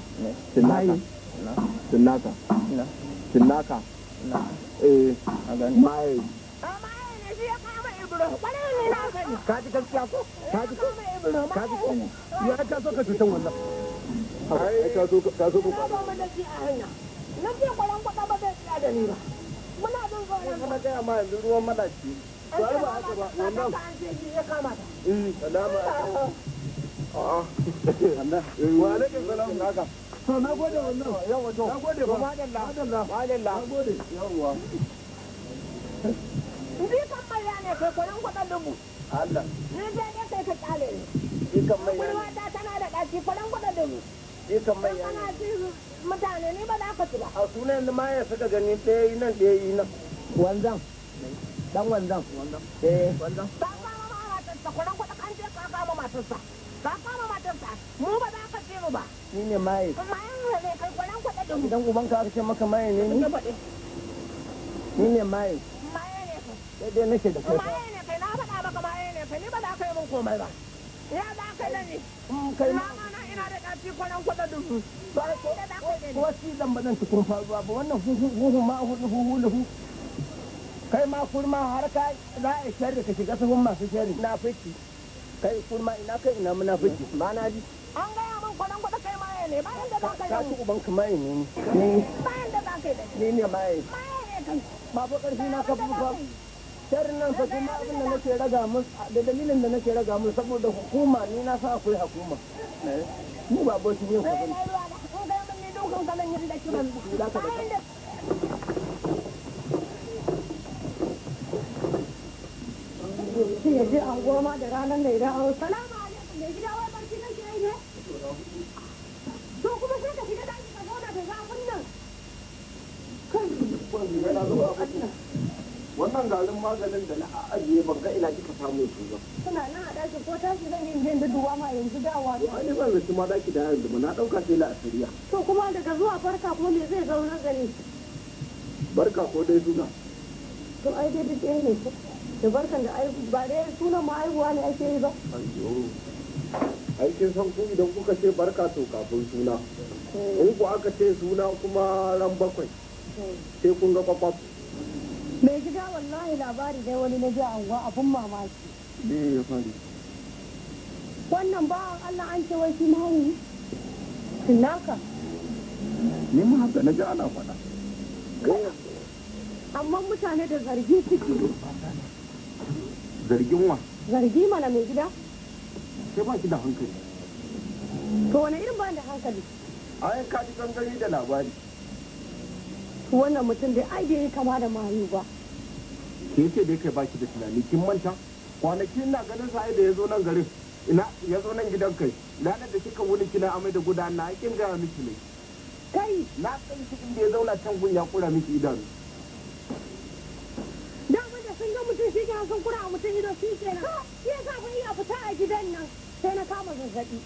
tunayi cinnaka cinnaka eh kaji ko ka ya ka so ka tutan wannan ai ka so ka so ba da shi a hanya kwaran ba zai tsaya da ni ba muna ruwan to ai ba haka ba wannan ya kama ta eh salama wa alaikum salam to na gode wannan yawa to na gode ba madalla madalla madalla na gode yawa ni kan mai ya ne kai koyon kwadan dubu Allah ni je ne sai ka kyale ni kan mai ya ne ta tana da daki koyon kwadan dubu ni kan mai ya ne mutane ni ba za ka ci ba a sunan ma ya saka gani ɗaya yi nan ɗaya yi nan wanzan dan wanzan Wanzan. eh wanzan ta kama ma matarsa kwadan kwadan an je ka kama matarsa ka kama matarsa mu ba za mu ba ni ne maye maye ne kai gwaran kwaɗa da mu idan aka ce maka maye ne ni ni ne maye maye ne fa nake da kai maye ne kai na faɗa maka maye ne kai ni ba za ka yi min komai ba ya za ka da ni mm, kai ma na ina da ɗaci kwanan kwaɗa da mu ba ko wasu zan ba tukun faruwa ba wannan huhu ma huhu huhu kai ma kurma har ka za a sharri ka shiga sahun masu sharri na fiki kai kurma ina kai ina muna fiki ba na ji an gaya min kwanan gwada kai maye ne bayan da za ka yi da mu. maye ne ni. Bayan da za ka yi da ni. ne maye. Maye ne ƙarfi na ka bufa. Sharin nan fa kuma abin da nake raga mun da dalilin da nake raga mun saboda hukuma ni na sa akwai hukuma. Ni ba bokin yin ka bane. Za sai ya an goma da ranar da idan an alaikum da gida wai kuma sai ka shiga daki ka zauna da zafin nan wannan garin maganin da na ajiye ban ga ina kika samu su ba suna nan a daki ko tashi zan yi jin duduwa ma yanzu dawa ne wani ban zaci ma daki da yanzu ba na dauka sai la'asariya. to kuma daga zuwa farka ko me zai zauna gani barka ko dai suna to ai dai duk ne da barkan da ai ba dai sunan ma aihuwa ne ake yi ba aikin san ku idan kuka ce barka to kafin suna eh. in ku aka ce suna kuma ran bakwai sai kun ga kwakwaf mai gida wallahi labari dai wani na ji anguwa abun mamaki wannan ba Allah an ce wai shi mahauni naka ni ma haka na ji ana faɗa amma mutane da zargi suke zargin wa zargi mana mai gida sai ba ki da hankali to wani irin ba da hankali A yin kaji gangari da labari wannan mutum bai ai bai kama da mayu ba ke ce dai kai baki da tunani kin manta kwanaki na ganin sai da ya zo nan garin ina ya zo nan gidan kai Lalar da kika wuni kina amai da gudanar na kin ga miki ne kai na san shi da ya zauna can gun ya kura miki idanu shiga ke sun kuna mutum ido shi ke nan shi ya sa iya fita a gidan nan sai na kama zazzaɓi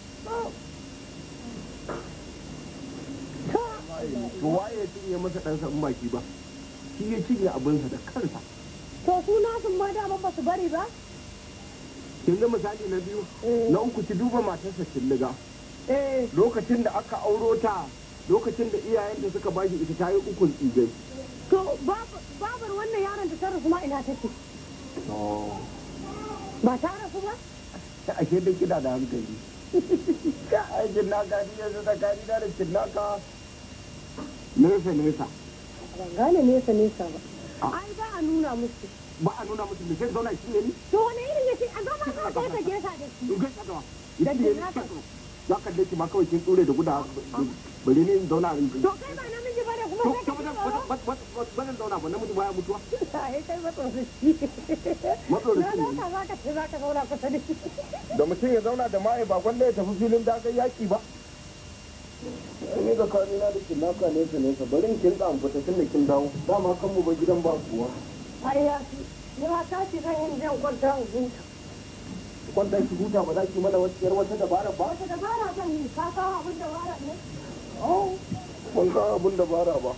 to waye ya cinye masa ɗansa in baki ba shi ya cinye abinsa da kansa to su nasu ma daman ba su bari ba kin ga misali na biyu na uku ki duba matarsa killiga lokacin da aka auro ta lokacin da iyayen da suka bashi ita ta yi ukun tsigai to babar wannan yaron da ta rasu ma ina take ba ta rasu ba Ake da kida da hankali ka aikin naka ni yanzu da kari da da cinnaka nesa nesa gane nesa nesa ba ah. ai ba a nuna musu ba a nuna musu mutum zauna shi ne ni to wani irin ya ce a zama kawai sai ka gesa da shi gesa da da cinnaka ya kalle ki ma kawai kin tsure da guda ah. bari ne zauna a rinjin to kai ba na wajen zauna ba namiji baya mutuwa ai kai matsoraci matsoraci ne na za ka ce da shi da mutum ya zauna da maye ba gwanda ya tafi filin dagar yaki ba ni ga kani na da kinaka nesa nesa barin kin da amfata tun da kin dawo dama kan mu ba gidan ba kuwa ai ya fi ni ma ta ce zan yi jan kwanta a huta kwanta ki huta ba za ki mana wasu yar wata dabara ba wata dabara zan yi ka kawo abin dabara ne oh. kun ga abin da bara ba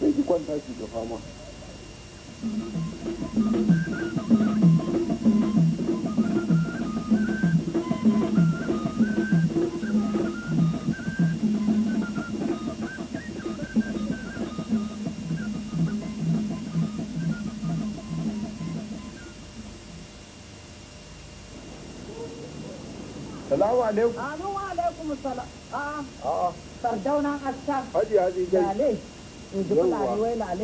sai ki kwanta ki da fama Salamu alaikum. Salamu alaikum salam. a'a sardaunan askar haji haji dai in ji fulani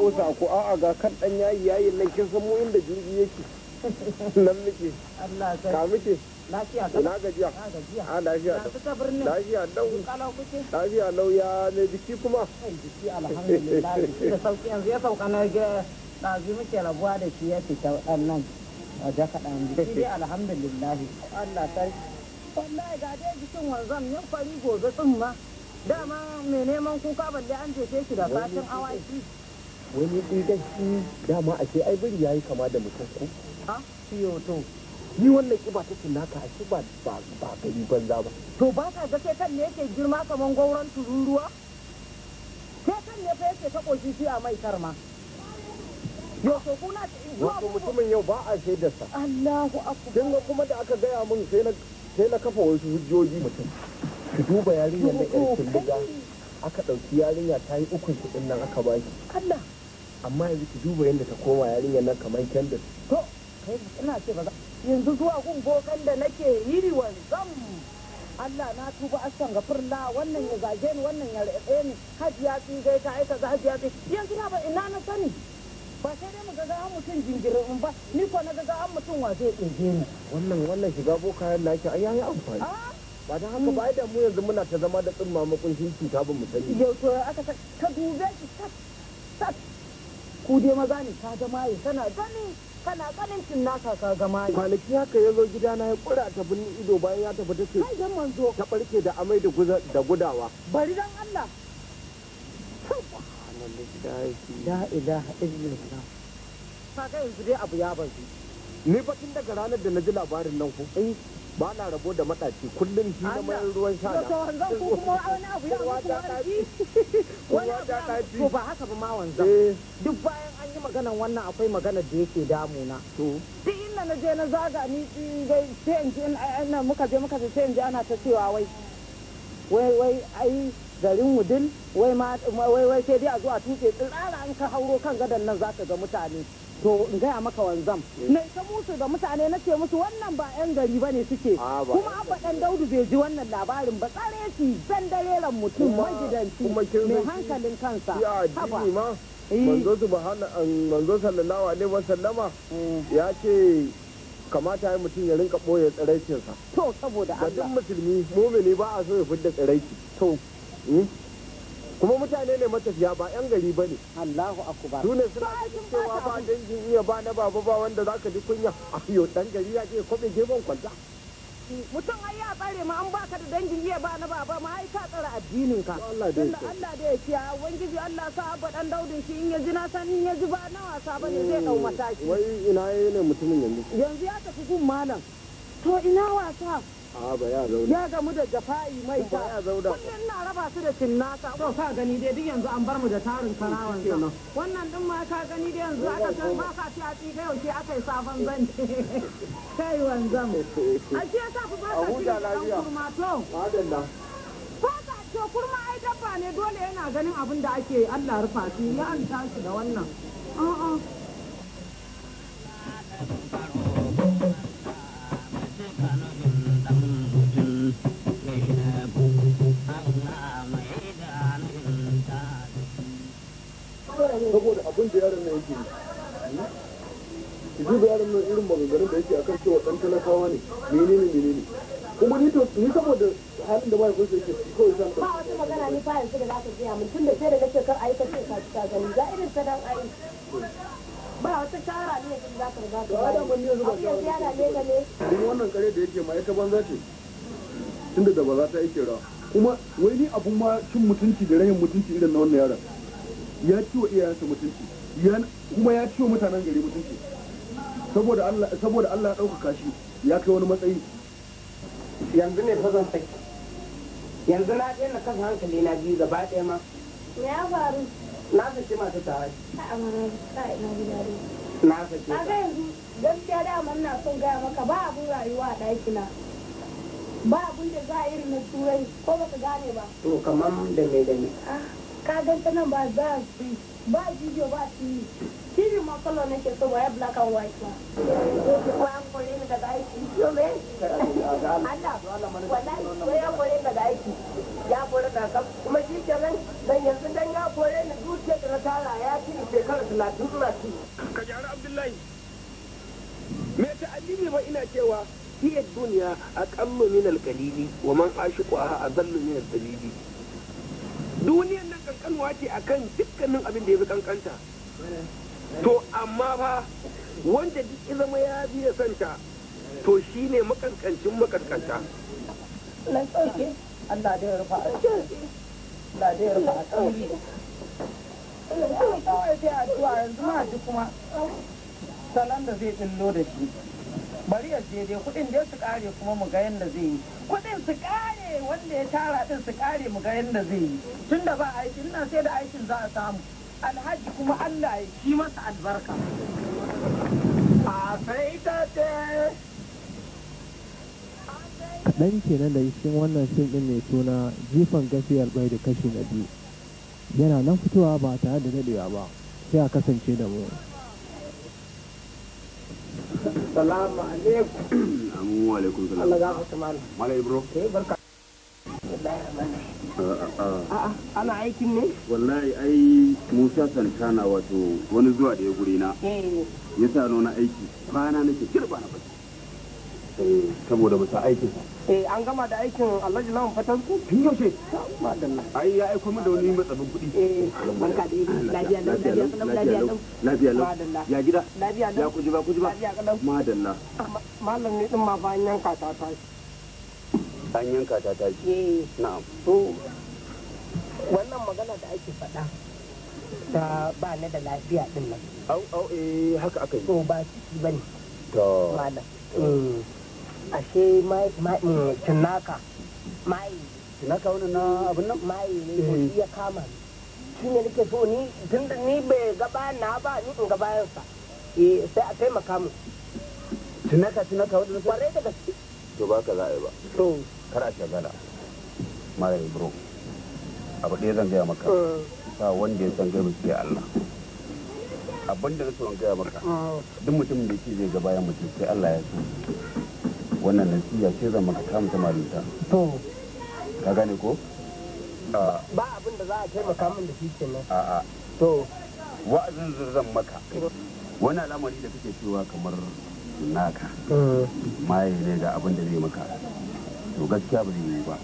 usa a'a ga kan ɗan yayi yayin nan kin san mu inda jirgi yake nan muke Allah sai ka muke lafiya da ah, na gajiya a lafiya da lafiya dau lafiya lau ya ne jiki kuma jiki alhamdulillah da sauki yanzu ya sauka na ga ɗazu muke rabuwa da shi ya fita nan a jaka ɗan jiki alhamdulillah Allah sarki wallahi ga dai jikin wanzan yan fari gobe tsin ma dama mai neman kuka balle an jefe shi da fatan awaki wani inganci dama a ce ai biri yayi kama da mutum ko ha ciyo to ni wannan kiba ta naka a kiba ba ba gari banza ba to ba ka ga kai kan ne yake girma kaman gauran tururuwa kai kan ne fa yake ta koshi shi a mai karma yau kuna ta mutumin yau ba a shaidarsa Allahu akbar kin kuma da aka gaya mun sai na sai na kafa wasu hujjoji mutum ki duba yarinya na ƙarfin diga aka ɗauki yarinya ta yi ukun kuɗin nan aka ba ki. amma yanzu ki duba yadda ta koma yarinya nan kamar kyandir. to kai ina ce ba za yanzu zuwa gun bokan da nake yiri wa zam Allah na tuba ga furla, wannan ya zage ni wannan ya rabe ni hajiya tsigai ta aika za hajiya tsigai yanzu na ba ina na sani ba sai dai mu ga an mutum jingirin ba ni ko na ga an mutum wa zai ɗeje ni wannan wannan shiga bokayen naki ai yayi amfani ah? ba don haka ba da mu yanzu muna ta zama da tsimma makunshin cuta ba mu sani yau to aka ka dube shi sat sat ku dai maza ne ka ga yi. kana gani kana ganin cinnaka ka gama maye kwanaki haka ya zo gida na ya kura ta binni ido bayan ya tafi ta ce ta barke da amai da gudawa bari dan Allah la yanzu dai abu ya ni fa daga ranar da na ji labarin nan eh, ba na rabo da mataci kullum shi na ruwan sha na to wanzan ku kuma wani abu ya wani ko ba haka ba ma wanzan eh. duk bayan an yi maganan wannan akwai magana da yake damuna to duk inda na je na zaga ni dai sai in ji muka je muka je sai in ji ana ta cewa wai wai wai ai garin wudil wai wai sai dai a zo a tuke tsirara an ka hauro kan gadon nan zaka ga mutane to in gaya maka wanzam eh. na ita musu da mutane na ce musu wannan ba yan gari bane suke ah, kuma abba dan daudu bai ji wannan labarin ba tsare shi zan dareran mutum magidanci mai hankalin kansa haba eh. manzo subhana manzo sallallahu alaihi wasallama eh. ya ce kamata ya mutum ya rinka boye tsiraicinsa to saboda Allah musulmi mumini ba a so ya fidda tsiraiki to Hmm? kuma mutane ne matafiya ba yan gari ba ne Allahu akbar su ne suna cewa ba dangin iya ba na baba ba wanda zaka ji kunya ayo ah, dan gari ya je kobe gefen kwanta mutum ai ya tsare ma an baka da dangin iya ba na baba ma ai ka tsara addinin ka Allah da ya kiya ubangiji Allah sa abba dan daudin shi in ya ji na san in ya ji ba na wasa ba ne zai dau hmm, mataki wai ina ne mutumin yanzu yanzu ya tafi gun malam to ina wasa ya gamu da jafa'i mai ta kullum na raba su da cinnaka ko ka gani dai duk yanzu an bar mu da tarin karawan sa wannan din ma ka gani dai yanzu aka san ba ka ci a ci kai yauke aka yi sabon zan kai wanzan a ce sa ku ba ka ci da kurma to ba ka ci kurma ai dabba ne dole yana ganin abin da ake Allah rufa shi ya an tashi da wannan a'a Thank you. saboda abin da yaron nan yake yi hmm? ki duba yaron nan irin maganganun da yake akan cewa dan talakawa ne menene menene kuma ni to ni saboda halin da mahaifin sa yake kawai san ba wata magana ni ba yanzu da za ka gaya mun tunda sai da kace kar ayi kace ka ci ka gani ga irin ta dan ayi ba wata shawara ne da za ka riga ka ba da mun ne zuwa shawara ya da ne ne din wannan kare da yake ma ita banza ce tunda da ba za ta yi kira kuma wai ni abun ma cin mutunci da rayin mutunci irin na wannan yaron ya ci wa iyayensa mutunci kuma ya ci wa mutanen gari mutunci saboda Allah saboda Allah ya ɗaukaka shi ya kai wani matsayi yanzu ne fa zan saki yanzu na daina kan hankali na biyu gaba ɗaya ma me ya faru na saki masu tare a'a ma na na saki Na ga yanzu gaskiya da na son gaya maka ba abun rayuwa a ɗakina ba abun da za a irin na turai ko baka gane ba to kamar da me da me ah. ka gan ta nan ba za su ba video ba tv tv ma na nake so ba ya black and white ba ko an kore ni daga aiki yo me Allah wallahi ko ya kore ni daga aiki ya kore na kam kuma shi kenan dan yanzu dan ya kore ni zuciya da na tara ya ci shekara 30 ina ci ka jara Abdullahi me ta addini ba ina cewa duniya هي الدنيا أقل من القليل ashiku a أذل من الدليل دنيا kankanuwa ce a kan dukkanin abin da ya fi kankanta to amma fa wanda duk ya zama ya biya santa to shi ne makankancin makankanta Allah da ya rufa a Allah da ya rufa a salon da zai Allah da shi bari ya je dai kudin dai su kare kuma mu ga yanda zai yi kudin su kare wanda ya tara din su kare mu ga yanda zai yi tunda ba aiki ina sai da aikin za a samu alhaji kuma allah ya yi masa albarka a sai ta dan kenan da cikin wannan fim ɗin mai suna jifan gafiyar bai da kashi na biyu yana nan fitowa ba tare da daɗewa ba sai a kasance da mu salamu alaikum amin wa alaikum salam Allah gafa ta mala mala ibro eh barka ah, ah. ana aikin ne wallahi ai musa santana wato wani zuwa da ya guri na eh. ya sa na aiki kwana nake kirba na baki eh. saboda ba sa aikin sa eh an gama da aikin alhaji lawan fatan ku tun yaushe madalla ai ya aiko min da wani matsabin kuɗi eh barka da lafiya lau lafiya lau lafiya lau lafiya lau ya gida lafiya lau ya kuji ba kuji ba madalla malam ne din ma an yanka ta ta An yanka ta ta eh na'am to wannan magana da ake faɗa ta ba na da lafiya din nan au au eh haka aka yi to ba ciki bane to malam mm. ashe mm, cinnaka mai cinnaka wani na abin nan mai ne eh. iya kama ni shi ne nake so ni tun da ni bai gaba na ba ni in ga bayansa eh sai a taimaka makamu cinnaka cinnaka wani kwarai da gaske to ba ka za'a a yi ba to kar a shagala mara bro abu ɗaya zan gaya maka mm. ba wanda ya san gaibu sai Allah abin da na so gaya maka mm. duk mutum da ke zai ga bayan mutum sai Allah ya so wannan nasiya ce zan maka ta mutum to ka gane ko ba abin da za a kai min da shi kenan a to wa'azin zan maka wani al'amari da kake cewa kamar naka mm. maye ne ga abin da zai maka to gaskiya ba zai yiwu ba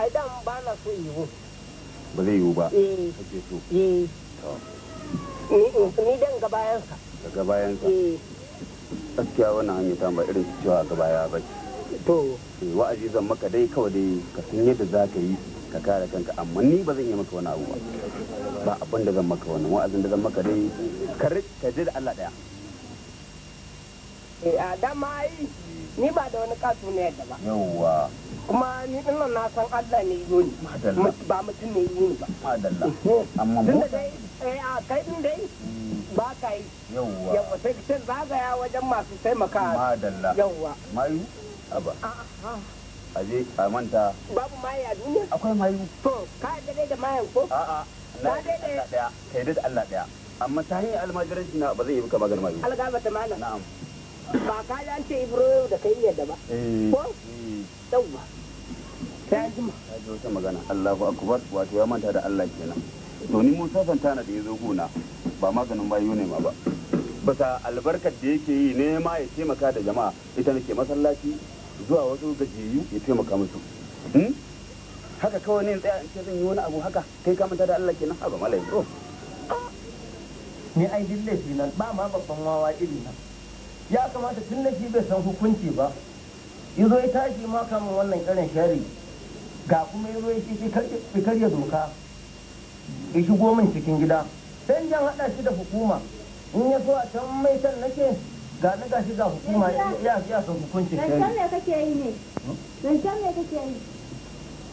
ai dan ba na so yiwu ba zai yiwu ba eh. kake so eh. ni dan gabayansa gabayansa eh. gaskiya wannan hanyar ta ba irin cewa gabaya ba ce wa'azi zan maka dai kawai dai ka san yadda za ka yi ka kare kanka amma ni ba zan yi maka wani abu ba ba abin da zan maka wani wa'azin da zan maka dai ka je da Allah daya eh a dama ai ni ba da wani kasu ne yadda ba yawwa kuma ni din nan na san Allah ne yi ni ba mutum ne yi ni ba madalla eh, amma mu dai eh a kai din dai mm. ba ka yi yawwa yawwa sai ka zagaya wajen masu taimaka madalla yawwa mayu aba a je a manta babu maya a duniya akwai mayu to ka dade da mayan ko a'a na dai da kai da Allah daya amma ta hanyar almajiranci na ba zai yi maka maganar mayu algaba ta malam na'am ba ka ji an ce ibro da kai yadda ba eh. ko eh. yawwa ta jima ta ji wata magana Allahu akbar wato ya manta da Allah kenan to ni mun sasanta na da ya zo gona ba maganin mayu ne ma ba bisa albarkar da yake yi nema ya taimaka da jama'a ita nake masallaci zuwa wasu gajiyu ya taimaka musu hmm? haka kawai ne tsaya in ce zan yi wani abu haka kai ka manta da Allah kenan haba malai bro oh. ni ai din laifi nan ba ma babban wawa iri nan ya kamata tun da shi bai san hukunci ba yazo ya tashi ma kamun wannan karin shari ga kuma yazo ya ce karya doka ya shigo min cikin gida sai jan hada shi da hukuma in ya so a can mai can nake ga ni gashi ga hukuma ya ya san hukuncin shari'a zancen me kake yi ne zancen me kake yi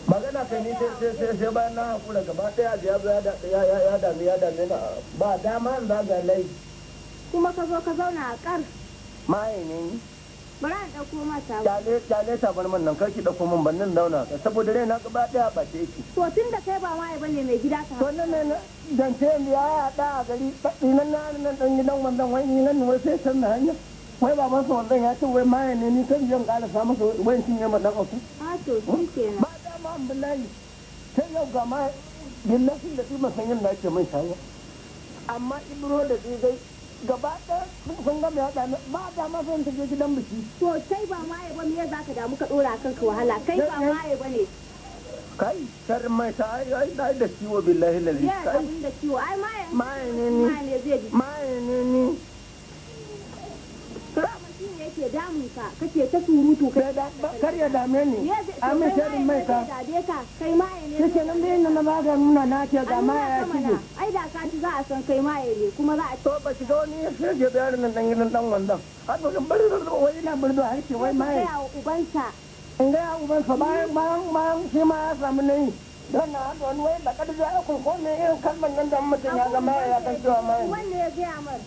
magana kai ne sai sai sai bayan na hakura gaba ɗaya ya ya ya ya ya dame ya dame na ba dama in zaga lai kuma ka zo ka zauna a kar maye ne ni bari a ɗauko masa kyale kyale tabar man nan karki ɗauko min nan dauna saboda rai na gaba ɗaya ba ta yake to tun da kai ba ma bane mai gida ka to nan ne zance ne ya yaɗa a gari nan na nan ɗan gidan wannan wai ni nan wai sai san hanya wai baban sa wannan ya ce wai maye ne ni kan jan ƙarasa masa wai shi ne madan aku a to shi kenan ba da ma billahi sai yau ga ma billahi da su masan da ake mai shawo amma ibro da zai gaba ɗaya sun ga mai haɗa ba da ma sun tafi gidan biki. To kai ba ma ba me za ka damu ka ɗora kan ka wahala kai ba ma ba ne. Kai kar mai ta ai ai da ciwo billahi lalli. Yes abin da ciwo ai ma ne ni. Ma ne ni. Ma ne ni. ke damun ka kake ta surutu kai kar ya dame ni a mai shari mai ka kai ma ne kike nan dai na ba ga nuna na ke ga ma ya kike ai da ka ji za a san kai ma ne kuma za a to ba ki zo ni sai ya bayar nan dan gidan dan wandan har ba kan bari da wai na bari da harki wai ma ya uban sa in ga uban sa ba bayan bayan shi ma ya samu ne don na hannu wani wai da kadu ya kun ko ne irin kalmar nan da mutum ya zama ya kan cewa ma wanne ya gaya mar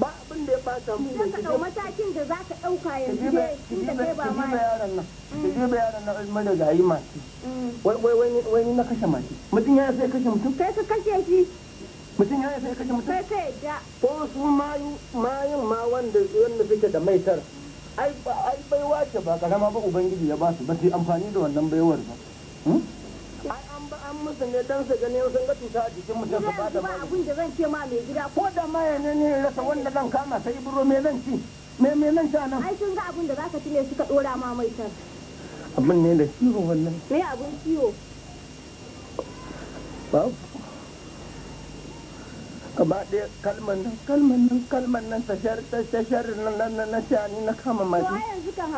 ba abin da ya bata mu ne kike matakin da za ka dauka yanzu ne tunda kai ba ma yaron nan kike mm. ba yaron nan mai da gayi mati mm. wai wai wai ni na kashe mace mutum ya sai kashe mutum kai ka kashe shi mutum ya sai kashe mutum kai kai da ko su mayu mayun ma wanda wanda suke da maitar ai ai baiwa ce ba karama ba ubangiji ya ba su ba sai amfani da wannan baiwar ba hmm? an musu ne dan su ganin sun ga cuta a jikin mutum su ba da magani abin da zan ce ma mai gida ko da ma ne ne rasa wanda zan kama sai buro me zan ci me me zan ci nan ai sun ga abin da zaka ci ne suka dora ma mai tar abin ne da ciwo wannan me abin ciwo babu gaba ɗaya kalman nan kalman nan kalman nan ta sharri nan nan nan nan shani na kama mashi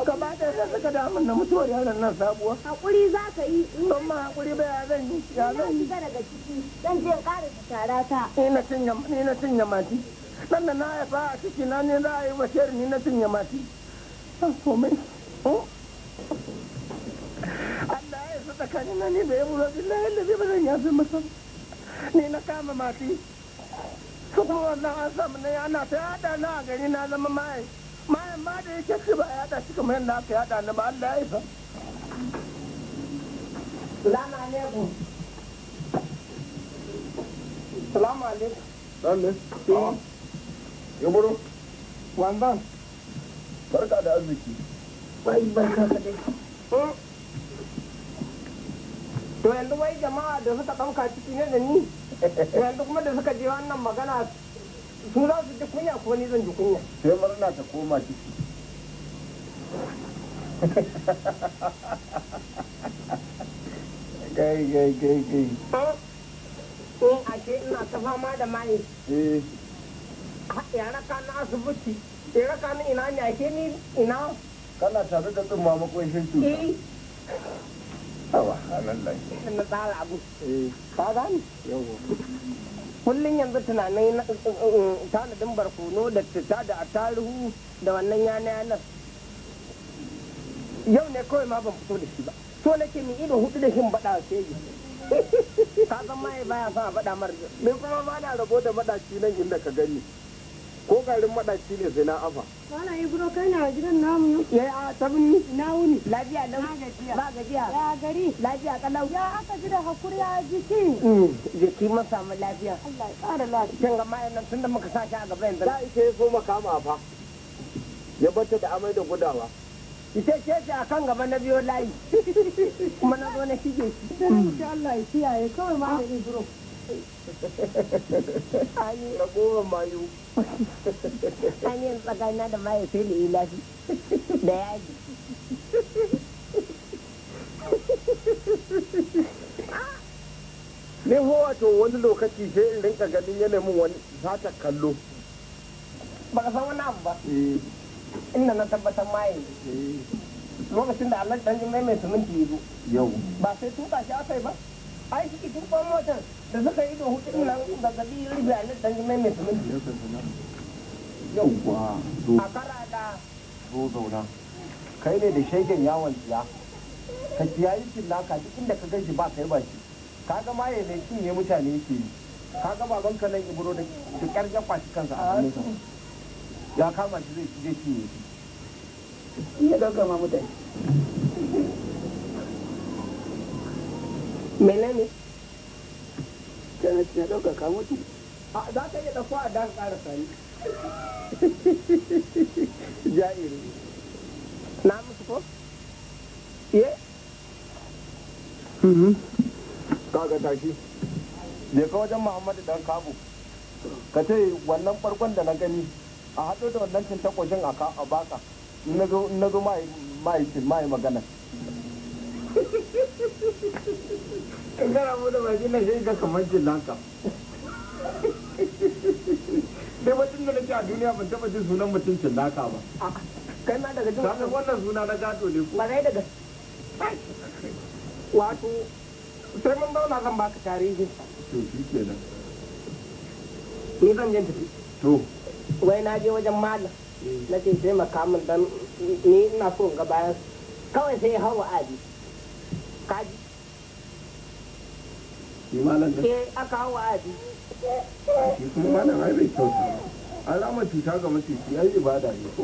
gaba ɗaya da suka damu na mutuwar yaran nan sabuwa hakuri za ka yi in ba ma hakuri ba ya zan yi ya zan yi daga ciki zan je ƙara ta tara ta ni na cinye ni na cinye mati nan da na haifa a ciki na ne za a yi wa shar ni na cinya mati san komai Allah ya yi su tsakanin na ni da ya mura billahi da zai ba zan yafi masa ni na kama mati kuma wannan an samu ne ana ta yada na a gari na zama maye maye ma da yake shi ba yada shi kamar yadda aka yada na ba Allah ya isa salamu alaikum salamu alaikum lalle kin yi buru wanzan barka da arziki wai barka ka dai to yanzu wai jama'a da suka ɗauka ciki ne da yanzu kuma da suka je wannan magana su za su ji kunya kuma ni zan ji kunya sai murna ta koma ciki gai gai gai gai in ake ina ta fama da maye eh. ya raka na asibiti ya raka ni ina ne ake ni ina kana tare da tsumma makwai shi Eh, kullum yanzu tunanin eh, tanadin barkono da tita da atarihu da wannan yana yanar yau ne kawai ma ban fito da shi ba so nake min, ido hudu da shin bada sai ka san ma baya sa bada mar min kuma ba na rabo da shi nan inda ka gani ko garin madaci ne sai na afa wala yi buro kai na gidan namu ya eh, a tabin na wuni lafiya gajiya ba gajiya ya gari lafiya kalau ya aka gida hakuri ya jiki mm. jiki ma samu lafiya Allah ya kara lafiya kin ga mai nan tunda muka sashi a gaba yanzu da ike so makama fa ya bata da amai da gudawa ita ce ce a kan gaba na biyo layi kuma na zo na shige shi Allah ya kiyaye kawai ma da ibro Ani ragowar mayu. Ani yin tsakanina da mayu sai da ilafi da yaji. Ni ho wato wani lokaci sai in rinka ganin yana mun wani za ta kallo. Ba ka san wani abu ba. Eh. Inda na tabbatar mayu. Eh. Lokacin da Allah canjin mai mai siminti zo. Yau. Ba sai tuka shi aka yi ba. ai shi cikin kwan motar da suka yi da hutun nan zazzabi ribiya ne dan jimai mai sumin yauwa a kara da zo zauna kai ne da shegen yawon tsiya ka kiyayi naka, duk inda ka gaji ba kai ba shi kaga ma ya ne mutane ke yi kaga baban ka nan ibro da da kyar jafa shi kansa a hannunsa ya kama shi zai ci zai cinye shi ya gaggama mutane menene kana ɗauka a za ka iya ɗauko a dan ƙara sani na musu ko iye. Mhm. kaga tashi je ka wajen muhammadu dan kabu ka ce wannan farkon da na gani a haɗo da wannan cin takwashin a baka na zo ma yi magana kana mu da baki na shaida kamar jillanka dai mutum da nake a duniya ban taba jin sunan mutum jillaka ba kai ma daga jin wannan suna na gato ne ko ba zai daga wato sai mun zauna zan baka tarihi to shi kenan ni zan jan tafi to wai na je wajen malam mm. na ce sai makamin dan ni ina so ga bayan kawai sai hawa abi kaji shi malam ne eh, hawa abi shi kuma malam ai bai cuta ga ai ibada ne ko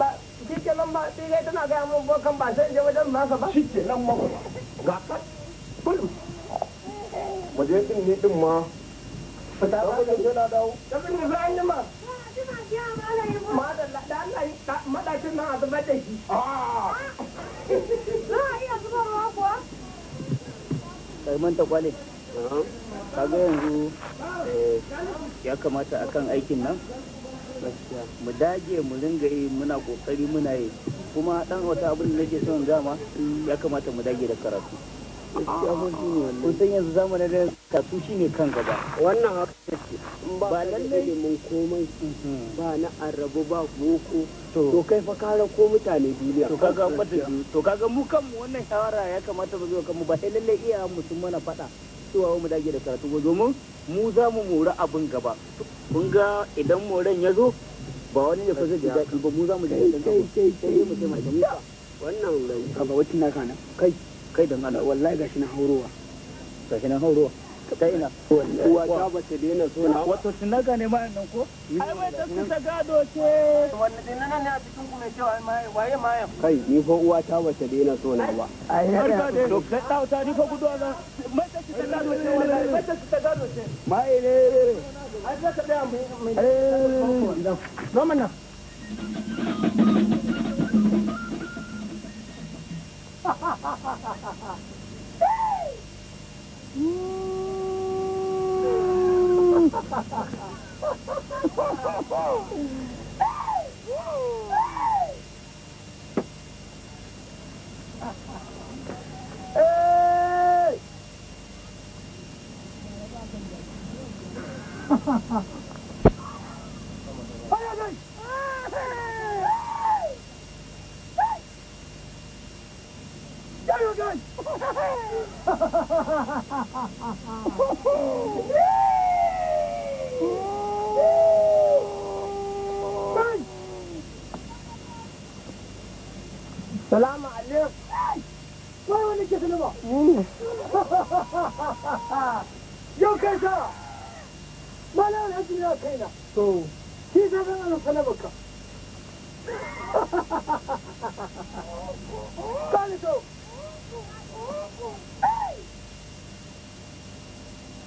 ba shi nan ba tana gaya mun bokan ba sai je wajen masa ba nan ma ga ka waje din ne din ma fita ba dawo da bin yi ma madalla da Allah madakin nan a zubar da shi ah! za a iya kuwa kai manta kwale kaga yanzu eh, ya kamata akan aikin nan mu dage mu ringa yi muna kokari muna yi kuma dan wata abin da nake son dama ya kamata mu dage da karatu kusan yanzu zamanin da su shi ne kan gaba wannan haka take ba lallai mun komai mhm. ba na arabu ba boko to kai fa ka ko mutane duniya to kaga to kaga mu kanmu wannan shawara ya kamata mu zo kanmu ba sai lallai iya mu sun mana fada cewa mu dage da karatu ba domin mu za mu mura abin gaba kun ga idan moran ya zo ba wani ne zai ba mu za mu ji daɗin kai kai kai mu sai mai wannan ka ba wata naka na kai kai dan Allah wallahi gashi na haurowa gashi na a kai ni fa uwa ta ba ta daina ba ma ere zoman nan Hey! Salamu a l a k Wai wani ke Yau kai ba na wani hajji na kaina to shi ka ga ana salamarka kare to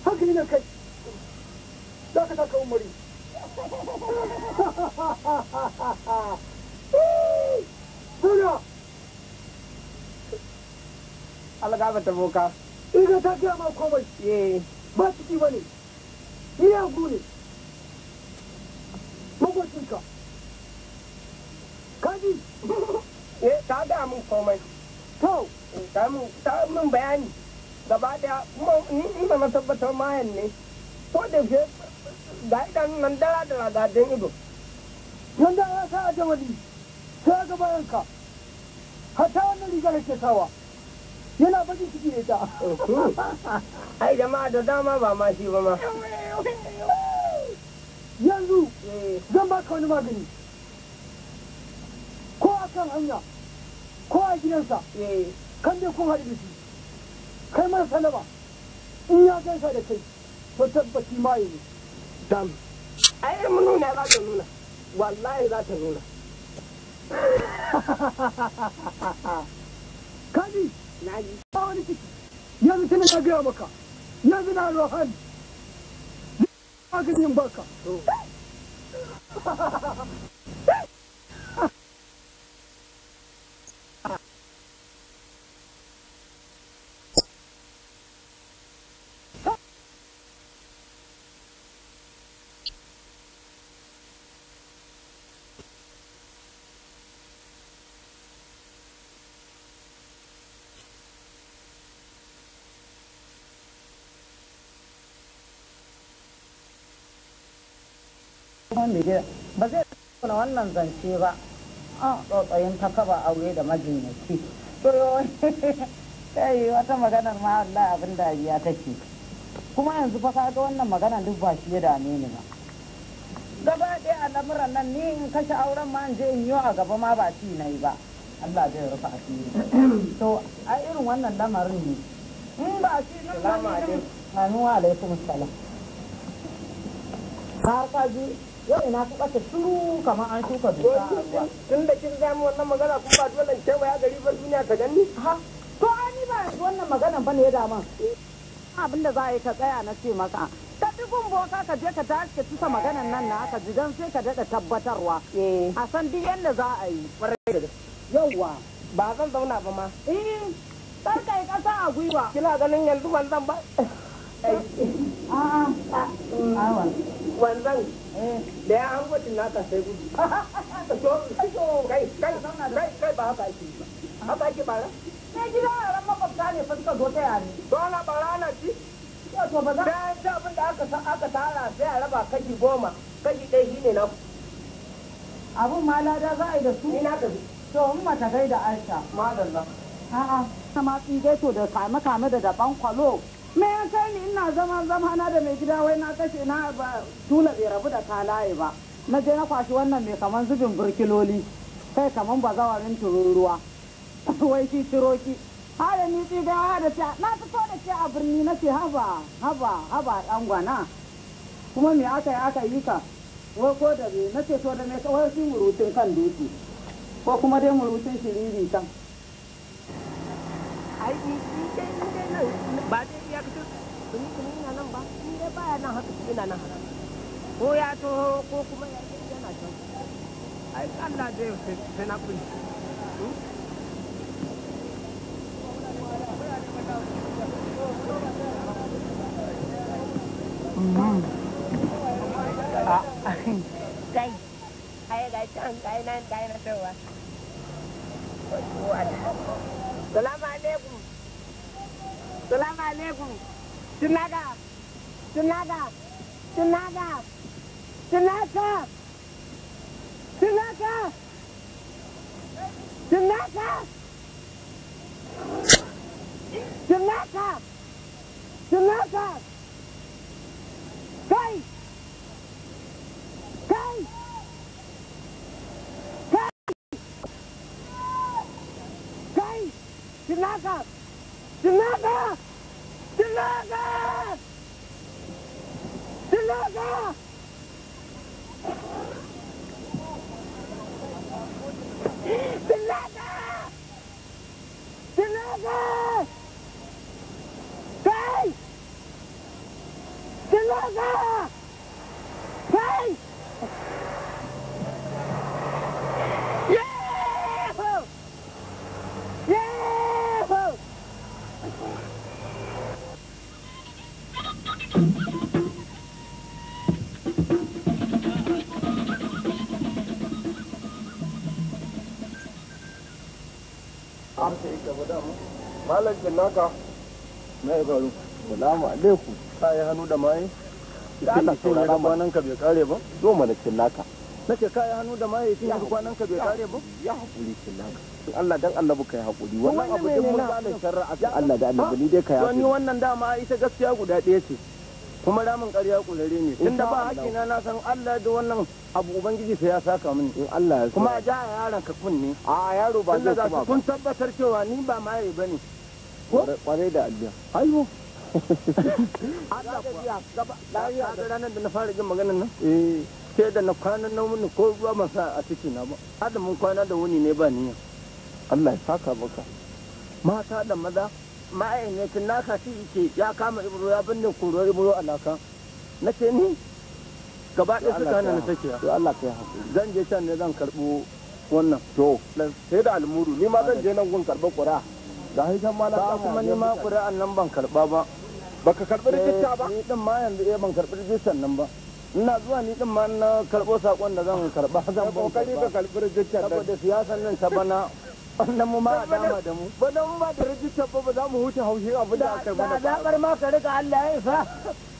haka yana kai za ka taka umari ta boka. Iga ta gama komai. Ba ciki ba miyagu ne makocinka kaji eh ta da mun komai to ta mun bayani gaba daya ni ma na tabbatar mayan ne ko da ke ga idan nan dara da ragadin ido nan dara sa a jamali ke yana bakin ciki da ta ai jama'a da dama ba ma shi ba ma yanzu eh. zan baka wani magani ko a kan hanya ko a gidansa eh. kan dai kun haɗu da shi kai mara salama in ya gaisa da kai to tabbaci ma yi dam ai mun nuna za ta nuna wallahi za ta nuna kaji na ji ba wani ciki yanzu tun na gaya maka yanzu na maganin baka kuma ba zai kuna wannan zance ba a tsotsayin ta kaba aure da majinyaci to yi wata maganar ma Allah abin dariya take kuma yanzu fa kaga wannan maganar duk ba shi ya dame ni ba gaba ɗaya a lamuran nan ni in kashe auren ma in je in yi a gaba ma ba ci na yi ba Allah zai rufa asiri to a irin wannan lamarin ne in ba shi nan ba ne alaikum salam har ka ji yau ina su ɓata turu kamar an shuka duka tun da kin gami wannan magana kuma ba dole ke waya gari ba duniya ta gani ha to ani ba wannan magana bane ya dama abin da za a yi ka tsaya na ce maka ta dubun boka ka je ka tashi ka tusa maganan nan na aka jidan sai ka daɗa tabbatarwa eh. a san duk yadda za a yi yauwa ba zan zauna ba ma eh kasa a gwiwa kina ganin yanzu ban zan ba wanzan eh. da ya hango naka sai gudu kai kai kai ba haka ake ba haka ake bara sai gida ran makwabta ne fa suka zo ta yare dole bara na ci to ba za a ci abin da aka san aka tara sai a raba kashi goma kashi ɗaya shine na abun ma lada za a yi da su ni na ka to mun mata gaida aisha madalla a'a sama tsingeto da kame kame da daban kwalo me ya kai ni ina zama zama na da mai gida wai na kashe na ba dula bai rabu da kalaye ba na je na kwashi wannan mai kaman zubin burkiloli kai kaman ba zawa bazawarin tururuwa wai shi ki. hada ni gawa da ta na fito da ce a birni na ce haba haba haba dan gwana kuma me aka yi aka yi ka wai ko da me na ce to da me wai shi murutun kan dutse ko kuma dai murutun shiriri kan ai ba dai fito tuni tuni ina nan ba ni dai baya nan haka ina nan haka ko ya ko kuma ya yana can ai Allah na na tawa. Salamu alaikum. Salamu alaikum. Tunaga. Tunaga. Tunaga. Tunaka. Tunaka. Tunaka. Tunaka. Tunaka. Kai. Kai. Kai. Kai. Tunaka. Deliver! Deliver! Deliver! Deliver! Deliver! Faith! Deliver! Faith! malam cinnaka na yi salamu alaikum ka yi hannu da maye cikin shi ne ga kwanan ka bai kare ba zo mana cinnaka na ka yi hannu da maye cikin ga kwanan ka bai kare ba ya haƙuri cinnaka Allah dan annabi kai haƙuri wannan abu din mun ba da sharra Allah da annabi ni dai kai haƙuri wannan dama ita gaskiya guda ɗaya ce kuma ramin ƙarya ƙulare ne Tun da ba hakina na san Allah da wannan abu ubangiji sai ya saka mini in Allah ya kuma a ja a yaron ka kunne a yaro ba zai kuma ba kun tabbatar cewa ni ba maye bane ko kware da Allah ayo Allah kuwa lafiya da ranar da na fara jin maganar nan eh sai da na kwana na mun ko ruwa masa a ciki na ba adamin kwana da wuni ne ba niyya Allah ya saka maka mata da maza ma'aikacin nasa shi ke ya kama ibro ya binne koro ibro a lakan na ce ni gaba ɗaya suka hana na sake ya Allah kai hakuri zan je can ne zan karɓo wannan to sai da almuru ni ma zan je nan gun karɓa ƙura ga hitan ma na ka kuma ni ma ƙura'an nan ban karɓa ba baka karɓi eh, rijista ba ni din ma yanzu eh ban karɓi rijistar nan ba ina zuwa ni din ma na karɓo sakon da zan karɓa zan ba kokari ka karɓi rijistar saboda siyasan nan ta bana wannan mu ma dama da mu ba dan ba da rijistar ba za mu huce haushi abu da aka mana da zabar ma ka rika Allah ya isa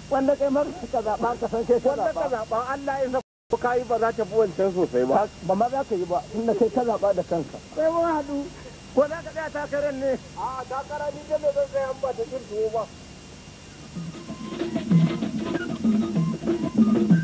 wanda kai ma ka zaba ka san sai ka zaba ka zaba Allah ya isa ko kai ba za ta bi wancan sosai ba ba ma za ka yi ba tunda kai ka zaba da kanka sai mu hadu ko za ka tsaya takarar ne a takara ni da me zan tsaya ba ta kirkiwo ba